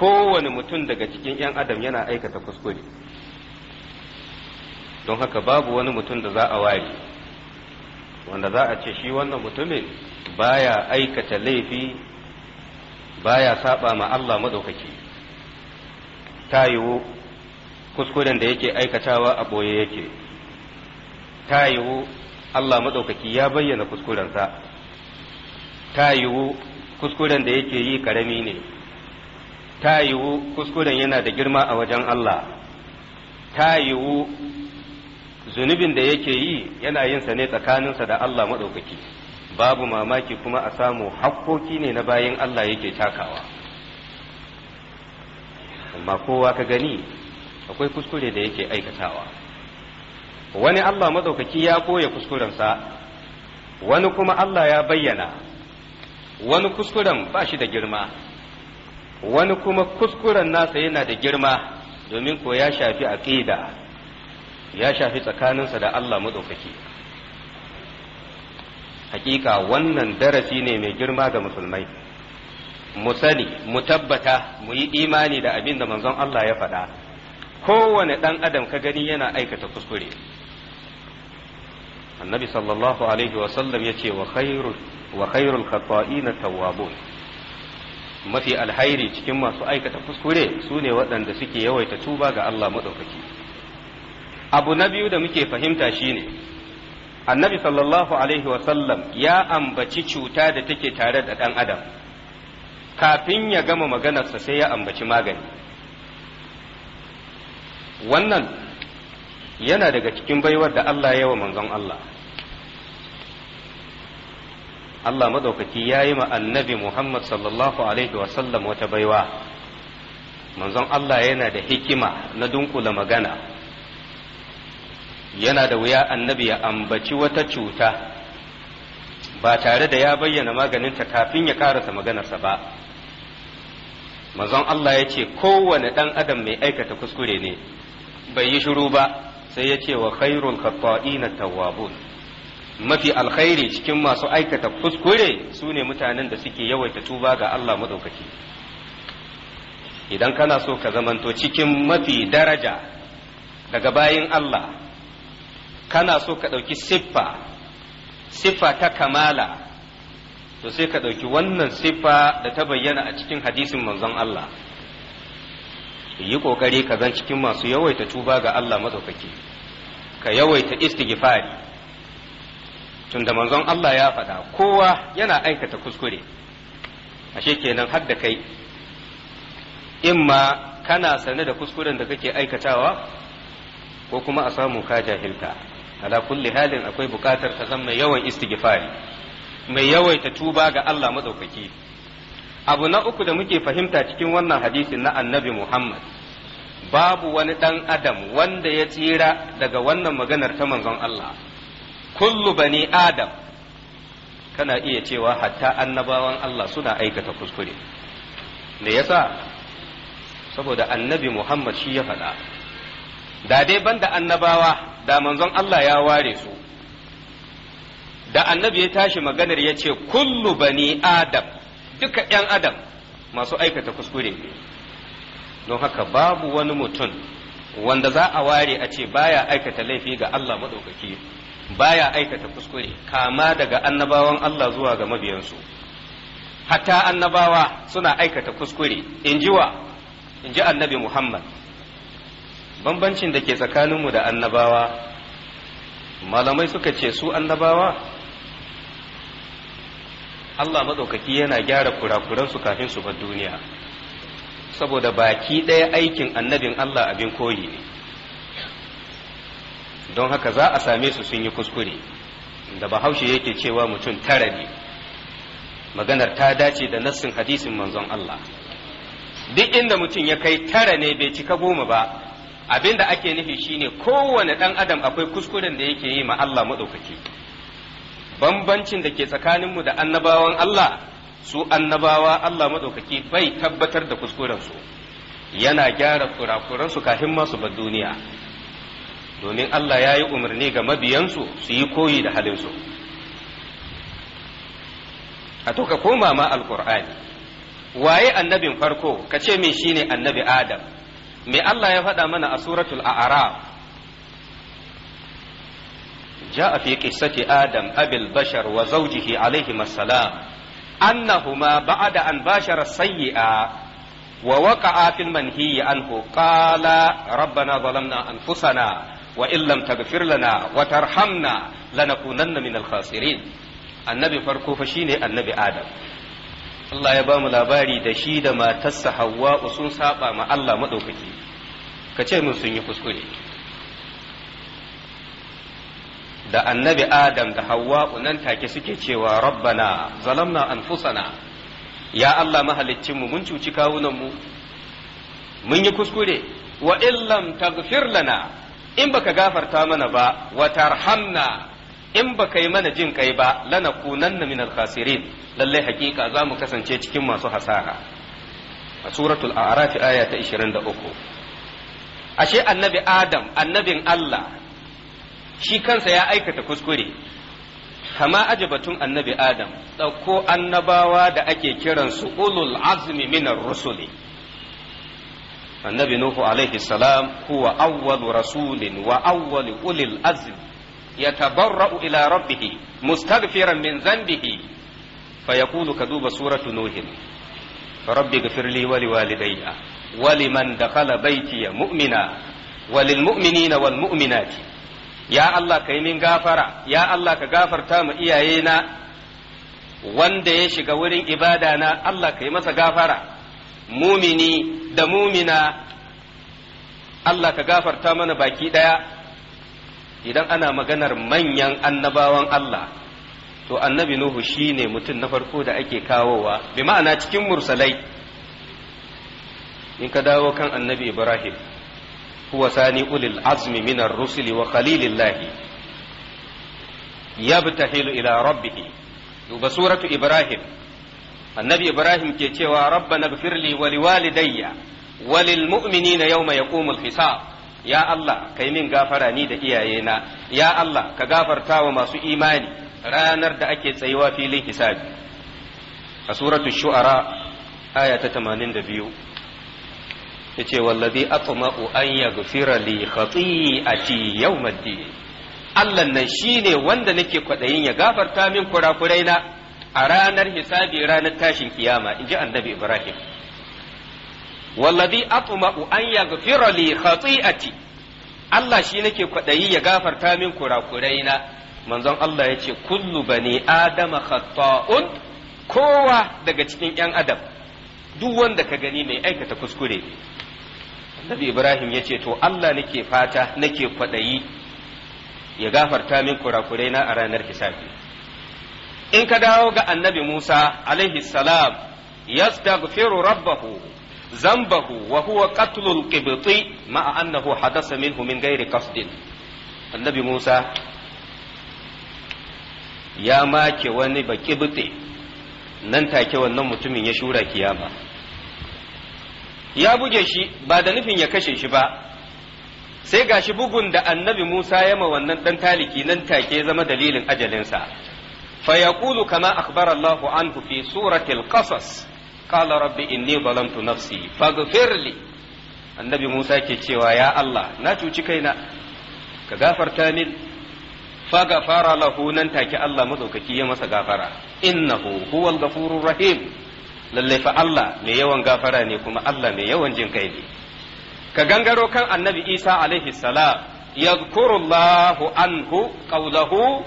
kowane mutum daga cikin 'yan adam yana aikata kuskure don haka babu wani mutum da za a ware wanda za a ce shi wannan mutumin baya aikata laifi baya saba ma Allah madaukaki ta yiwu kuskuren da yake aikatawa a boye yake ta yiwu Allah madaukaki ya bayyana kuskurensa ta yiwu kuskuren da yake yi karami ne ta yiwu kuskuren yana da girma a wajen Allah ta yiwu zunubin da yake yi yana yinsa ne tsakaninsa da Allah maɗaukaki. babu mamaki kuma a samu hakkoki ne na bayan Allah yake takawa amma kowa ka gani akwai kuskure da yake aikatawa wani Allah madaukaki ya koya kuskurensa wani kuma Allah ya bayyana wani kuskuren ba shi da girma wani kuma kuskuren nasa yana da girma domin ko ya shafi aqida ya shafi tsakaninsa da Allah madaukaki hakika wannan darasi ne mai girma ga musulmai mu sani mu tabbata mu yi imani da abin da manzon Allah ya faɗa kowane ɗan adam ka gani yana aikata kuskure annabi sallallahu alaihi sallam ya ce wa khairul khata'ina tawwabun mafi alhairi cikin masu aikata kuskure su ne waɗanda suke yawaita tuba ga Allah maɗaukaki abu na biyu da muke fahimta shine annabi sallallahu alaihi wasallam ya ambaci cuta da take tare da ɗan adam kafin ya gama maganarsa sai ya ambaci magani wannan yana daga cikin baiwar da Allah ya wa manzon Allah Allah madaukaki ya yi ma annabi Muhammad sallallahu alaihi wasallam wata baiwa manzon Allah yana da hikima na dunkula magana yana da wuya annabi ya ambaci wata cuta ba tare da ya bayyana maganinta kafin ya karasa maganarsa ba manzon Allah ya ce kowane ɗan adam mai aikata kuskure ne bai yi shiru ba sai ya ce wa khairul khata'ina tawwabun mafi alkhairi cikin masu aikata kuskure su ne mutanen da suke yawaita tuba ga Allah maɗaukaki idan kana so ka zamanto cikin mafi daraja daga bayin Allah kana so ka ɗauki siffa siffa ta kamala to sai ka ɗauki wannan siffa da ta bayyana a cikin hadisin manzon Allah yi ƙoƙari ka zan cikin masu yawaita tuba ga Allah matsaukaki ka yawaita istighfari tunda manzon Allah ya faɗa kowa yana aikata kuskure ashe kenan har da kai imma kana sane da kuskuren da kake aikatawa ko kuma a samu ka jahilta ala kulli halin akwai bukatar ta zama mai yawan istighfari mai yawaita tuba ga Allah madaukaki abu na uku da muke fahimta cikin wannan hadisin na annabi Muhammad babu wani dan adam wanda ya tsira daga wannan maganar ta manzon Allah kullu bani adam kana iya cewa hatta annabawan Allah suna aikata kuskure me yasa saboda annabi Muhammad shi ya faɗa da dai banda annabawa da manzon Allah ya ware su da annabi ya tashi maganar ya ce kullu bani adam duka ‘yan adam masu aikata kuskure don haka babu wani mutum wanda za a ware a ce baya aikata laifi ga Allah maɗaukaki baya aikata kuskure kama daga annabawan Allah zuwa ga mabiyansu hatta annabawa suna aikata kuskure in annabi Muhammad bambancin da ke tsakaninmu da annabawa malamai suka ce su annabawa Allah maɗaukaki yana gyara kurakuransu kafin su bar duniya saboda baki ɗaya aikin annabin Allah abin koyi ne don haka za a same su sun yi kuskure da bahaushe yake cewa mutum tara ne maganar ta dace da nassin hadisin manzon Allah duk inda mutum ya kai tara ne bai cika goma ba abin da ake nufi shine kowane ɗan adam akwai kuskuren da yake yi ma Allah maɗaukaki bambancin da ke tsakaninmu da annabawan Allah su annabawa Allah maɗaukaki bai tabbatar da kuskurensu yana gyara kurakuransu kafin masu bar duniya domin Allah ya yi umarni ga mabiyansu su yi koyi da halinsu a to ka koma ma alkur'ani waye annabin farko ka ce me shine annabi adam me Allah ya faɗa mana a suratul a'raf ja'a fi qissati adam abil bashar wa zawjihi alayhi assalam an bashi sayyi'a wa waqa'a wa illam taghfir lana wa tarhamna lanakunanna min annabi farko fa shine annabi adam Allah ya ba mu labari da shi da matarsa Hawwa sun saɓa ma Allah madaukaki ka ce min sun yi kuskure da annabi adam da Hauwa nan take suke cewa rabbana zalamna anfusana ya Allah mahaliccinmu mun cuci kawunanmu mun yi kuskure wa illam taghfir lana in baka gafarta mana ba wa tarhamna in baka yi mana jin kai ba lanakunanna minal khasirin lallai hakika za mu kasance cikin masu hasara a suratul arafi aya ta 23 ashe annabi adam annabin Allah shi kansa ya aikata kuskure kama ajabatun annabi adam ɗauko annabawa da ake kiransu ulul azmi minar rusuli annabi nuhu alaihi salam huwa awwalu rasulin wa awwalu ulil azmi yatabarra'u ila rabbih mustaghfiran min dhanbihi fayaqulu kaduba suratu nuhin rabbi ighfir wa liwalidayya waliman dakhala baitiya mu'mina walil na wal ya Allah ka yi min gafara ya Allah ka gafarta mu iyayena wanda ya shiga wurin ibada na Allah ka yi masa gafara mumini da mumina Allah ka gafarta mana baki ɗaya. idan ana maganar manyan annabawan Allah to annabi Nuhu shine mutum na farko da ake kawowa bi ma'ana cikin mursalai in ka dawo kan annabi ibrahim huwa sani ulil azmi minar rusuli wa khalilillahi yabtahilu ila rabbih duba suratu ibrahim annabi ibrahim ke cewa rabbana ighfirli wa liwalidayya wa lilmu'minina yawma yaqumul hisab ya Allah kai min gafara ni da iyayena ya Allah ka gafarta wa masu imani ranar da ake tsayuwa filin hisabi a suratu shu'ara aya ta 82 yace wallazi atma'u an yaghfira li khati'ati yawmiddin Allah nan shine wanda nake kwadayin ya gafarta min kurakurai na a ranar hisabi ranar tashin kiyama inji annabi Ibrahim wallazi atma'u an yaghfira li khati'ati Allah shi nake kwadayin ya gafarta min kurakurai na manzon Allah yace kullu bani adama khata'un kowa daga cikin yan adam duk wanda ka gani mai aikata kuskure Nabi Ibrahim ya ce to Allah nake fata nake kwaɗayi ya gafarta min kurakurai na a ranar hisabi in ka dawo ga annabi Musa alaihi salam yastaghfiru rabbahu zambahu wa huwa qatlul qibti ma'a annahu hadasa minhu min ghairi qasdin annabi Musa ya make wani ba baki nan take wannan mutumin ya shura kiyama ya buge shi ba da nufin ya kashe shi ba sai gashi bugun da annabi Musa ya ma wannan dan taliki nan take zama dalilin ajalinsa Fayakulu kama akhbara Allah anhu fi suratil qasas qala rabbi inni zalamtu nafsi faghfirli annabi Musa ke cewa ya Allah na cuci kaina ka gafarta min fa gafara lahu nan take Allah madaukaki ya masa gafara innahu huwal ghafurur rahim lallai fa Allah mai yawan gafara ne kuma Allah mai yawan jin kai ne ka gangaro kan annabi Isa alaihi salam yadhkurullahu anhu qawlahu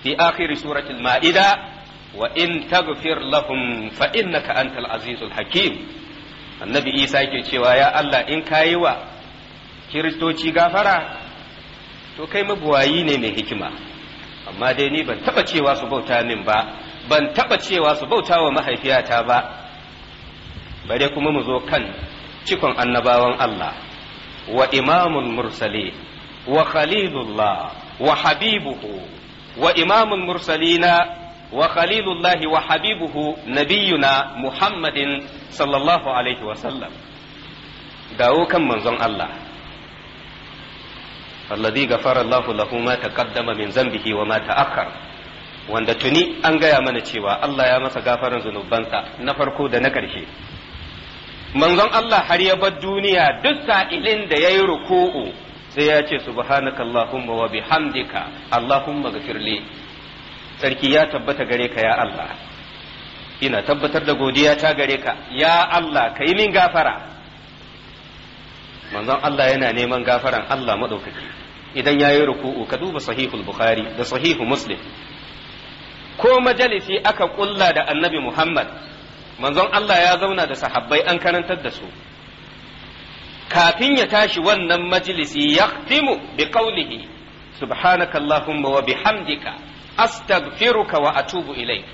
fi akhir surati al-ma'ida wa in taghfir lahum fa innaka antal azizul hakim annabi Isa yake cewa ya Allah in kayi wa kiristoci gafara to kai mabuwayi ne mai hikima amma dai ni ban taba cewa su bauta min ba ban taɓa cewa su bauta wa mahaifiyata ba bare kuma mu zo kan cikon annabawan Allah wa imamul mursali wa khalilullah wa habibuhu wa imamul mursalina wa khalilullahi wa habibuhu nabiyuna muhammadin sallallahu alaihi sallam. dawo kan manzon Allah الذي غفر الله له ما تقدم من ذنبه وما تأخر wanda tuni an gaya mana cewa Allah ya masa gafaran zunubansa na farko da na ƙarshe manzon Allah har ya bar duniya duk sa'ilin da ya yi ruku'u sai ya ce subhanaka allahumma wa bihamdika allahumma firle. sarki ya tabbata gare ka ya Allah ina tabbatar da godiya ta gare ka ya Allah ka yi min gafara manzon Allah yana neman gafaran Allah madaukaki idan ya yi ruku'u ka duba sahihul bukhari da sahihu muslim ko majalisi aka kulla da annabi Muhammad manzon Allah ya zauna da sahabbai an karantar da su kafin ya tashi wannan majalisi yaqtimu bi qawlihi subhanaka allahumma wa bihamdika astaghfiruka wa atubu ilai.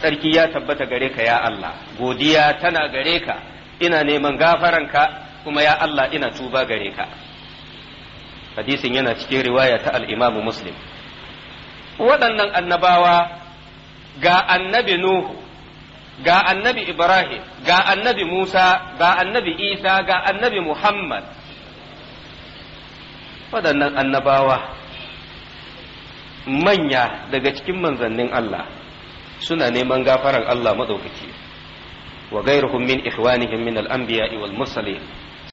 sarki ya tabbata gare ka ya Allah godiya tana gare ka ina neman gafaranka kuma ya Allah ina tuba gare ka hadisin yana cikin riwaya ta al'imamu Muslim waɗannan annabawa ga annabi Nuhu ga annabi Ibrahim ga annabi Musa ga annabi Isa ga annabi Muhammad waɗannan annabawa manya daga cikin manzannin Allah suna neman gafarar Allah maɗaukaki wa gairuhum min ikhwanihim min al wal mursalin